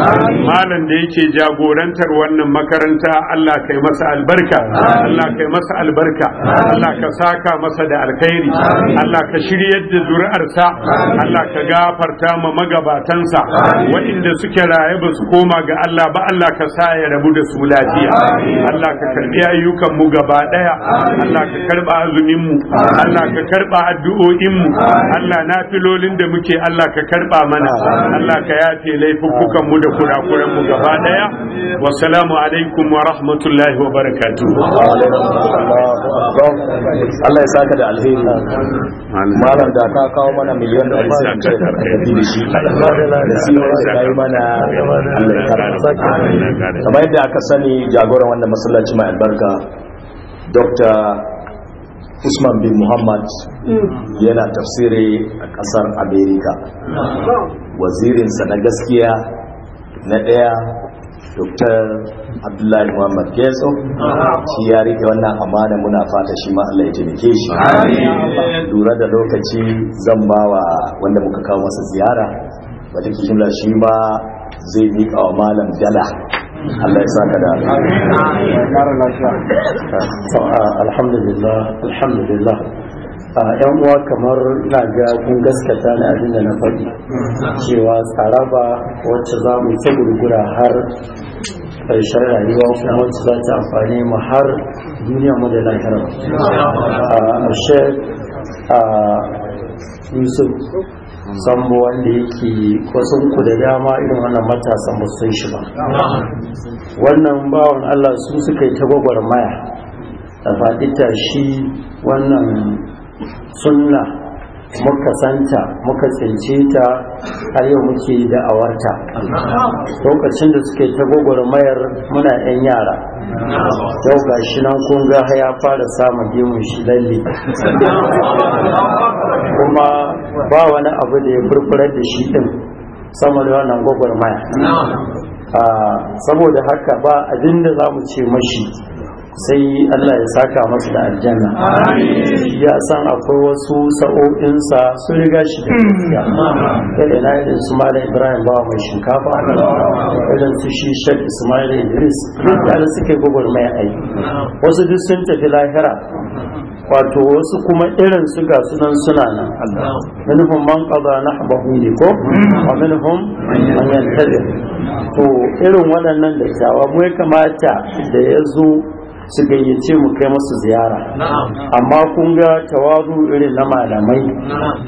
G: malam da yake jagorantar wannan makaranta Allah kai masa albarka Allah kai masa albarka Allah ka saka masa da alkhairi Allah ka shiryar da zuri'arsa Allah ka gafarta ma magabatansa waɗanda suke raye ba su koma ga Allah ba Allah ka sa ya rabu da su lafiya Allah ka karbi ayyuka mu gaba daya Allah ka karba azumin mu Allah ka karba addu'o'in mu Allah na filolin da muke Allah ka karba mana Allah ka yafe laifukan mu da kurakuran mu gaba daya wa salamu alaikum wa rahmatullahi wa barakatuh Allah ya saka da alheri malam da ka kawo mana miliyan
F: 100 da shi da sinar da yi mana Allah ya karba kamar yadda aka sani jagoran wannan masallaci mai albarka dr usman bin muhammad yana tafsiri a kasar america wazirinsa na gaskiya na daya dr abdullahi muhammad gezo shi ya rike wannan amana muna fata shi ma'ala ya taimake shi lura da lokaci zan ba wa wanda muka kawo masa ziyara wata kishin shi ba zai miƙa wa malam dala Allah ya saka da
B: alhamdulillah alhamdulillah a yan uwa kamar na ga kun gaskata na abinda na faɗi cewa tsaraba wacce za mu ta gurgura har ƙarshen rayuwa kuma wacce za ta amfani mu har duniya mu da lahira a yusuf sambo wanda yake kwasan ku da dama irin wannan matasan ba shi ba wannan bawan Allah su suka yi ta gwagwarmaya da faɗi shi wannan sunna muka santa muka tsince ta har yau muke da awarta lokacin da suke ta gwagwarmayar muna 'yan yara yau ga shi nan kun ga ya fara samun dimun shi lalle kuma ba wani abu da ya furfurar da shi din sama da wannan gwagwarmaya ah, saboda haka ba abinda za mu ce mashi sai Allah ya saka masu da aljanna ya san akwai wasu sa'o'insa sun riga shi da gaskiya kada mm. na irin su mala ibrahim bawa mai shinkafa irin su shi shek ismail idris da suke gugur mai ai wasu duk sun tafi lahira wato wasu kuma irin su ga sunan suna nan minhum man na nahbahu ne ko mm. a minhum manyan yantazir to irin waɗannan da tawa mai kamata da ya zo su gayyace mu kai masu ziyara amma kun ga tawazu irin na malamai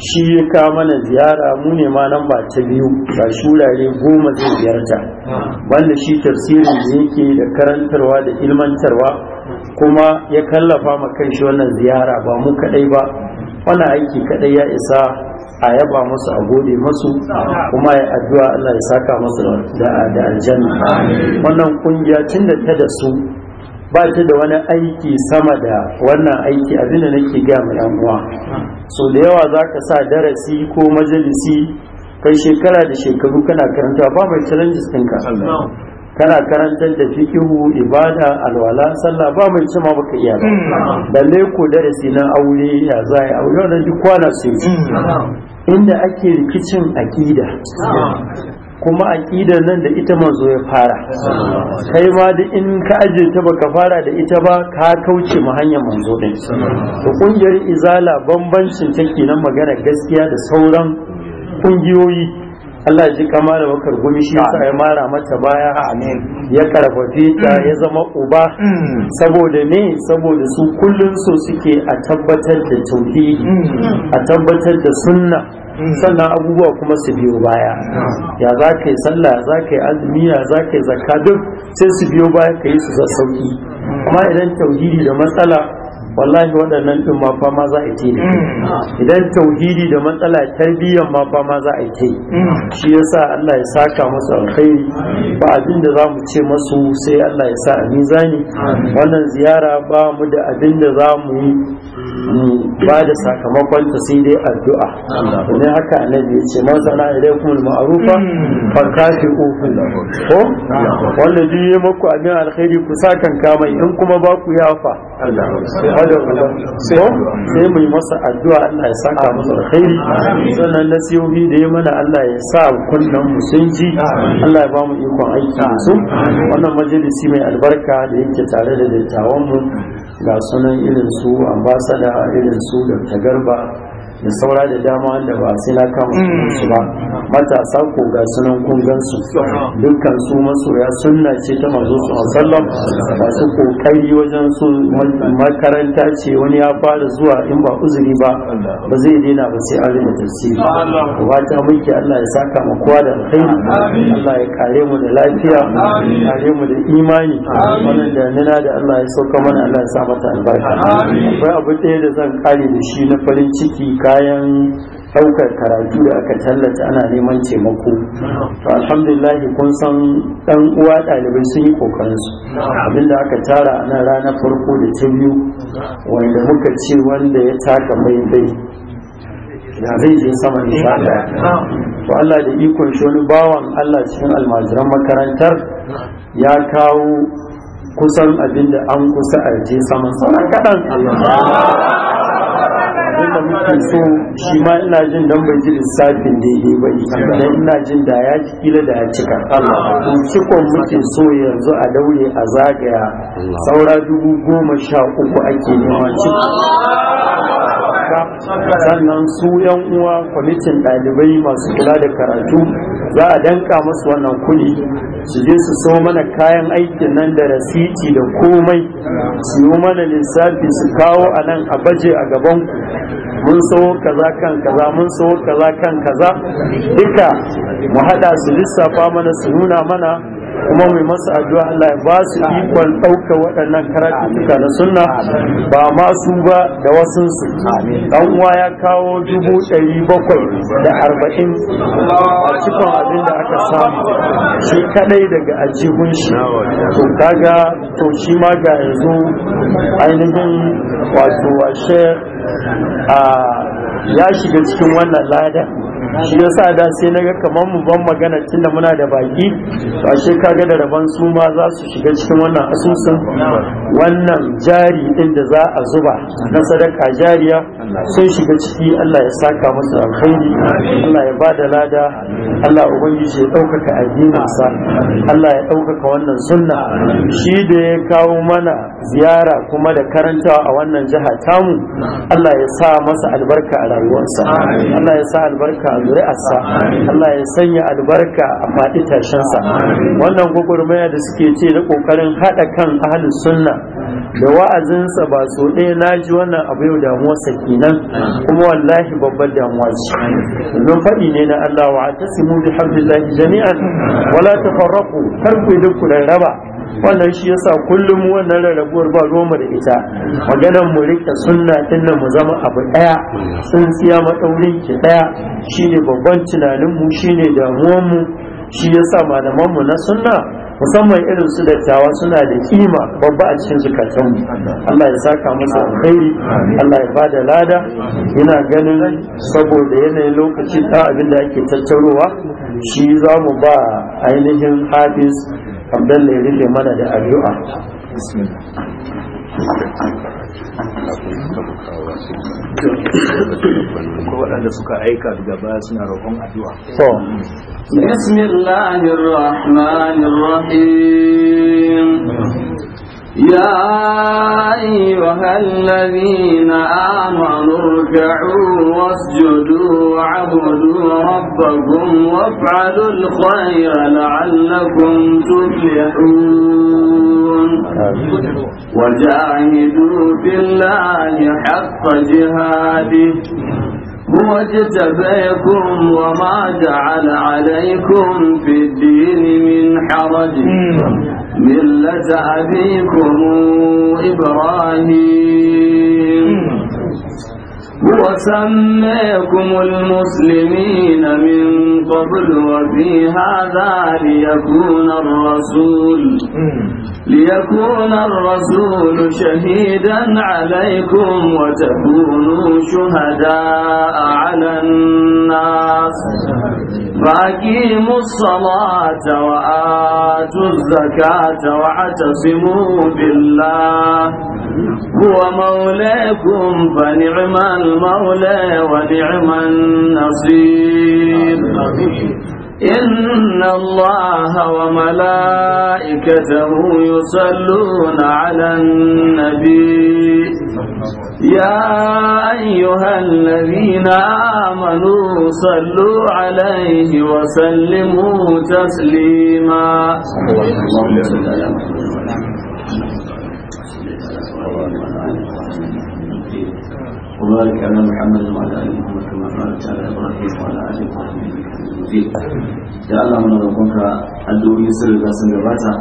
B: shi ya ka mana ziyara mu ne ma nan ba ta biyu ba shurare goma zai ziyarta banda shi tafsirin da yake da karantarwa da ilmantarwa kuma ya kallafa ma kan shi wannan ziyara ba mu kadai ba wannan aiki kadai ya isa a yaba masu a gode masu kuma ya addu'a Allah ya saka masu da aljanna wannan kungiya tun da ta da su ba ta da wani aiki sama da wannan aiki abinda nake gaya ma yan uwa so da yawa za ka sa darasi ko majalisi kai shekara da shekaru kana karanta ba mai challenges ɗinka kana karantar da fikihu ibada alwala sallah ba mai cima baka iya ba balle ko darasi na aure ya yi aure wannan duk kwana sai mm. inda ake rikicin aƙida. kuma aƙidar nan da ita manzo ya fara kai ma da in ka aje ta baka fara da ita ba ka kauce mu hanyar manzo din to kungiyar izala bambancin take nan magana gaskiya da sauran kungiyoyi Allah ji ka mara bakar gumi shi ya mara mata baya Amin. ya karfafe ta mm. ya zama uba mm. saboda ne saboda su kullum so suke a tabbatar da tauhidi mm. a tabbatar da sunna sannan abubuwa kuma su biyo baya ya za ka yi sallah za ka yi azumi ya za ka yi zakka duk sai su biyo baya ka yi su sassauki. amma idan tauhidi da matsala wallahi waɗannan ɗin ma fama za a ce ne mm. idan tauhidi da matsala tarbiyyar ma fama za a ce mm. shi yasa Allah ya saka musu alkhairi ba abin da za mu ce masu sai Allah ya sa a mizani wannan ziyara ba mu da abin da za mu yi ba da sakamakon ta sai dai addu'a ne haka annabi ya ce man sana ilaikum al-ma'rufa mm. fa kafi'u ko wanda duk yi muku abin alkhairi ku sa kanka mai, in kuma ba ku yafa sai mai masa addu'a Allah ya saka masa alkhairi sannan na nasihohi da ya mana Allah ya sa kunnen mu sun Allah ya ba mu ikon aiki masu. wannan majalisi mai albarka da yake tare da daitawanmu ga sunan irin su ambasada irin su da tagarba da saura da dama wanda ba sai na kama mm. su ba matasa ko ga sunan kun su dukkan su masoya sunna ce ta manzo sallam masu kokari wajen su makaranta ce wani ya fara zuwa in ba uzuri ba ba zai daina ba sai an rage tafsiri ba ta muke Allah ya saka mu kowa da kai. Allah ya kare mu da lafiya kare mu da imani wannan da nuna da Allah ya sauka mana Allah ya sa mata albarka akwai abu ɗaya da zan kare da shi na farin ciki ka bayan ɗaukar karatu da aka tallata ana neman taimako to alhamdulillah kun san ɗan uwa ɗalibai sun yi kokarin su abinda aka tara a nan ranar farko da ta biyu wanda muka ce wanda ya taka mai bai da zai je sama ne to Allah da ikon shi wani bawan Allah cikin almajiran makarantar ya kawo kusan abinda an kusa a je saman sama kaɗan da muke so shi ma ina jin dan bai ji lissafin daidai ba idan ina jin da ya ci kila da ya cika cikon muke so yanzu a daure a zagaya saura dubu goma sha uku ake nema ciki. sannan su yan uwa kwamitin ɗalibai masu kula da karatu za a danka masu wannan kuɗi su je su so mana kayan aikin nan da rasiti da komai su yi mana lissafi su kawo a nan a baje a gabanku. mun so kaza kan kaza mun so kaza kan kaza duka mu hada su lissafa mana su nuna mana kuma mai masu addu'a Allah ya ba su ikon ɗauka waɗannan karatuttuka na sunna ba masu ba da su. ɗan uwa ya kawo dubu ɗari bakwai da arba'in a cikin abin da aka samu shi kaɗai daga ajihun shi to kaga to shi ma ga yanzu ainihin wato a Ah, ya shiga cikin wannan lada shi yasa da sai naga kamar mu ban magana tunda muna da baki to ashe kaga da rabon su ma za su shiga cikin wannan asusun wannan jari din da za a zuba na sadaka jariya sun shiga ciki Allah ya saka musu alkhairi Allah ya ba da lada Allah ubangiji ya ɗaukaka addininsa Allah ya ɗaukaka wannan sunna shi da ya kawo mana ziyara kuma da karantawa a wannan jiha tamu Allah ya sa masa albarka a rayuwarsa Allah ya sa albarka a zuri'arsa Allah ya sanya albarka a faɗi tashinsa wannan gwagwarmaya da suke ce na ƙoƙarin haɗa kan ahalin sunna da wa'azinsa ba so ɗaya na ji wannan abu yau damuwarsa kenan kuma wallahi babbar damuwa ce domin faɗi ne na Allah wa ta simu bi hamdillahi jami'an wala tafarraqu kar ku duk raba wannan shi yasa kullum wannan rarrabuwar ba goma da ita maganar mu rike sunna din mu zama abu daya tsintsiya matsaurin ki daya shine babban tunanin mu shine damuwar mu shi yasa malaman mu na sunna musamman irin su da tawa suna da kima babba a cikin zukatan mu Allah ya saka musu alkhairi Allah ya bada lada yana ganin saboda yanayin lokaci ta abin da ake tattarowa shi za mu ba ainihin hadis abdalla ya rufe mana da addu'a
F: ko waɗanda suka aika daga baya suna
E: addu'a
D: يا أيها الذين آمنوا اركعوا واسجدوا وعبدوا ربكم وافعلوا الخير لعلكم تفلحون وجاهدوا في الله حق جهاده هو اجتبيكم وما جعل عليكم في الدين من حرج ملة أبيكم إبراهيم وسميكم المسلمين من قبل وفي هذا ليكون الرسول ليكون الرسول شهيدا عليكم وتكونوا شهداء على الناس فأقيموا الصلاة وآتوا الزكاة واعتصموا بالله هو مولاكم فنعم المولى ونعم النصير إن الله وملائكته يصلون على النبي يا أيها الذين آمنوا صلوا عليه وسلموا تسليما
A: وبارك على محمد وعلى آل محمد كما باركت على إبراهيم وعلى آل إبراهيم إنك حميد مجيد يا الله من ربك أدعو يسر لك سنجباتا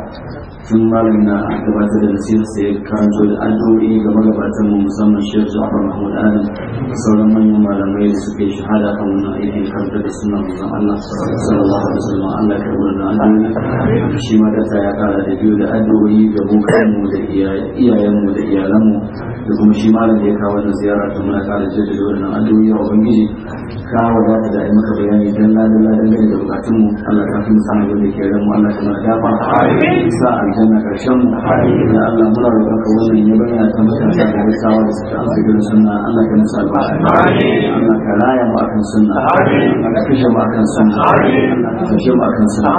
A: sun malami na gabatar da nasiru sai karanto da addu'o'i ga magabatan mu musamman Sheikh Jafar Mahmud Ali sauran manyan malamai da suke shahada kan wannan aikin karanta da suna manzon Allah sallallahu alaihi wasallam Allah ya karbu da Allah shi ma da ya kara da biyu da addu'o'i ga bukan mu da iyayen mu da iyalan mu da kuma shi malam da ya kawo wannan ziyara ta muna kara jaddada wannan addu'o'i a ubangiji ka wadata da ai maka bayani dan ladan ladan da bukatun mu Allah ka fi mu sanar da ke ran mu Allah ta mana dafa amin aljanna karshen mu ya Allah muna roƙon ka wannan ya bayyana ta matasa da hausawa da suka amsa gidan sunna Allah ka nisa albarka Allah ka raya mu akan sunna Allah ka kashe mu akan suna. Allah ka kashe mu akan suna.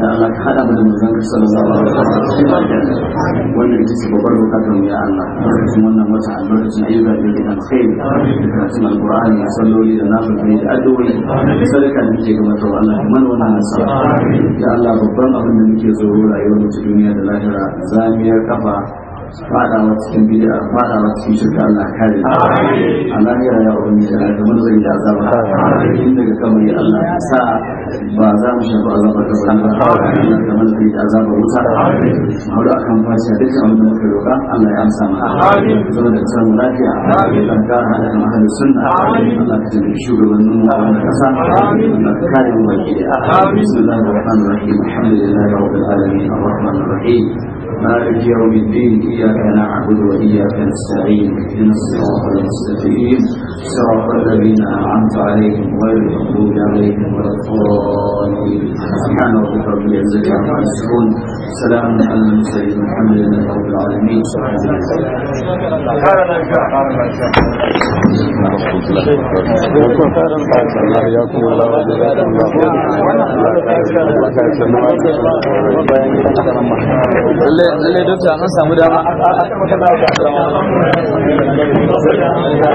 A: ya Allah ka hada mu da manzon ka sallallahu alaihi wasallam wannan ita ce babbar bukatar mu ya Allah albarkacin wannan wata albarkacin ayyuka da yake alkhairi da karatun alqur'ani da salloli da nafilai da addu'o'i da sadaka da muke wa Allah ka mana wannan nasara ya Allah babban abin da muke tsoro rayuwar mu cikin duniya da lahira zamiyar kafa fadawa cikin bid'a fadawa cikin shirka Allah kare a ya Allah kamar zai da azaba in daga kamar ya Allah sa ba za mu shafa azaba ta ba kamar zai da azaba wuta haura akan fasiya dukkan abin da muka roƙa Allah ya amsa mana zama da samu lafiya Allah ka hada da mahalin sunna Allah ka tabbata shugabannin mu a wannan kasa Allah ka kare mu baki bismillahir rahmanir rahim alhamdulillahi rabbil alamin arrahmanir rahim مالك يوم الدين إياك نعبد وإياك نستعين اهدنا الصراط المستقيم صراط الذين أنعمت عليهم غير المغضوب عليهم ولا الضالين سبحان ربك رب العزة عما يصفون سلام على المرسلين والحمد لله رب العالمين سبحان الله a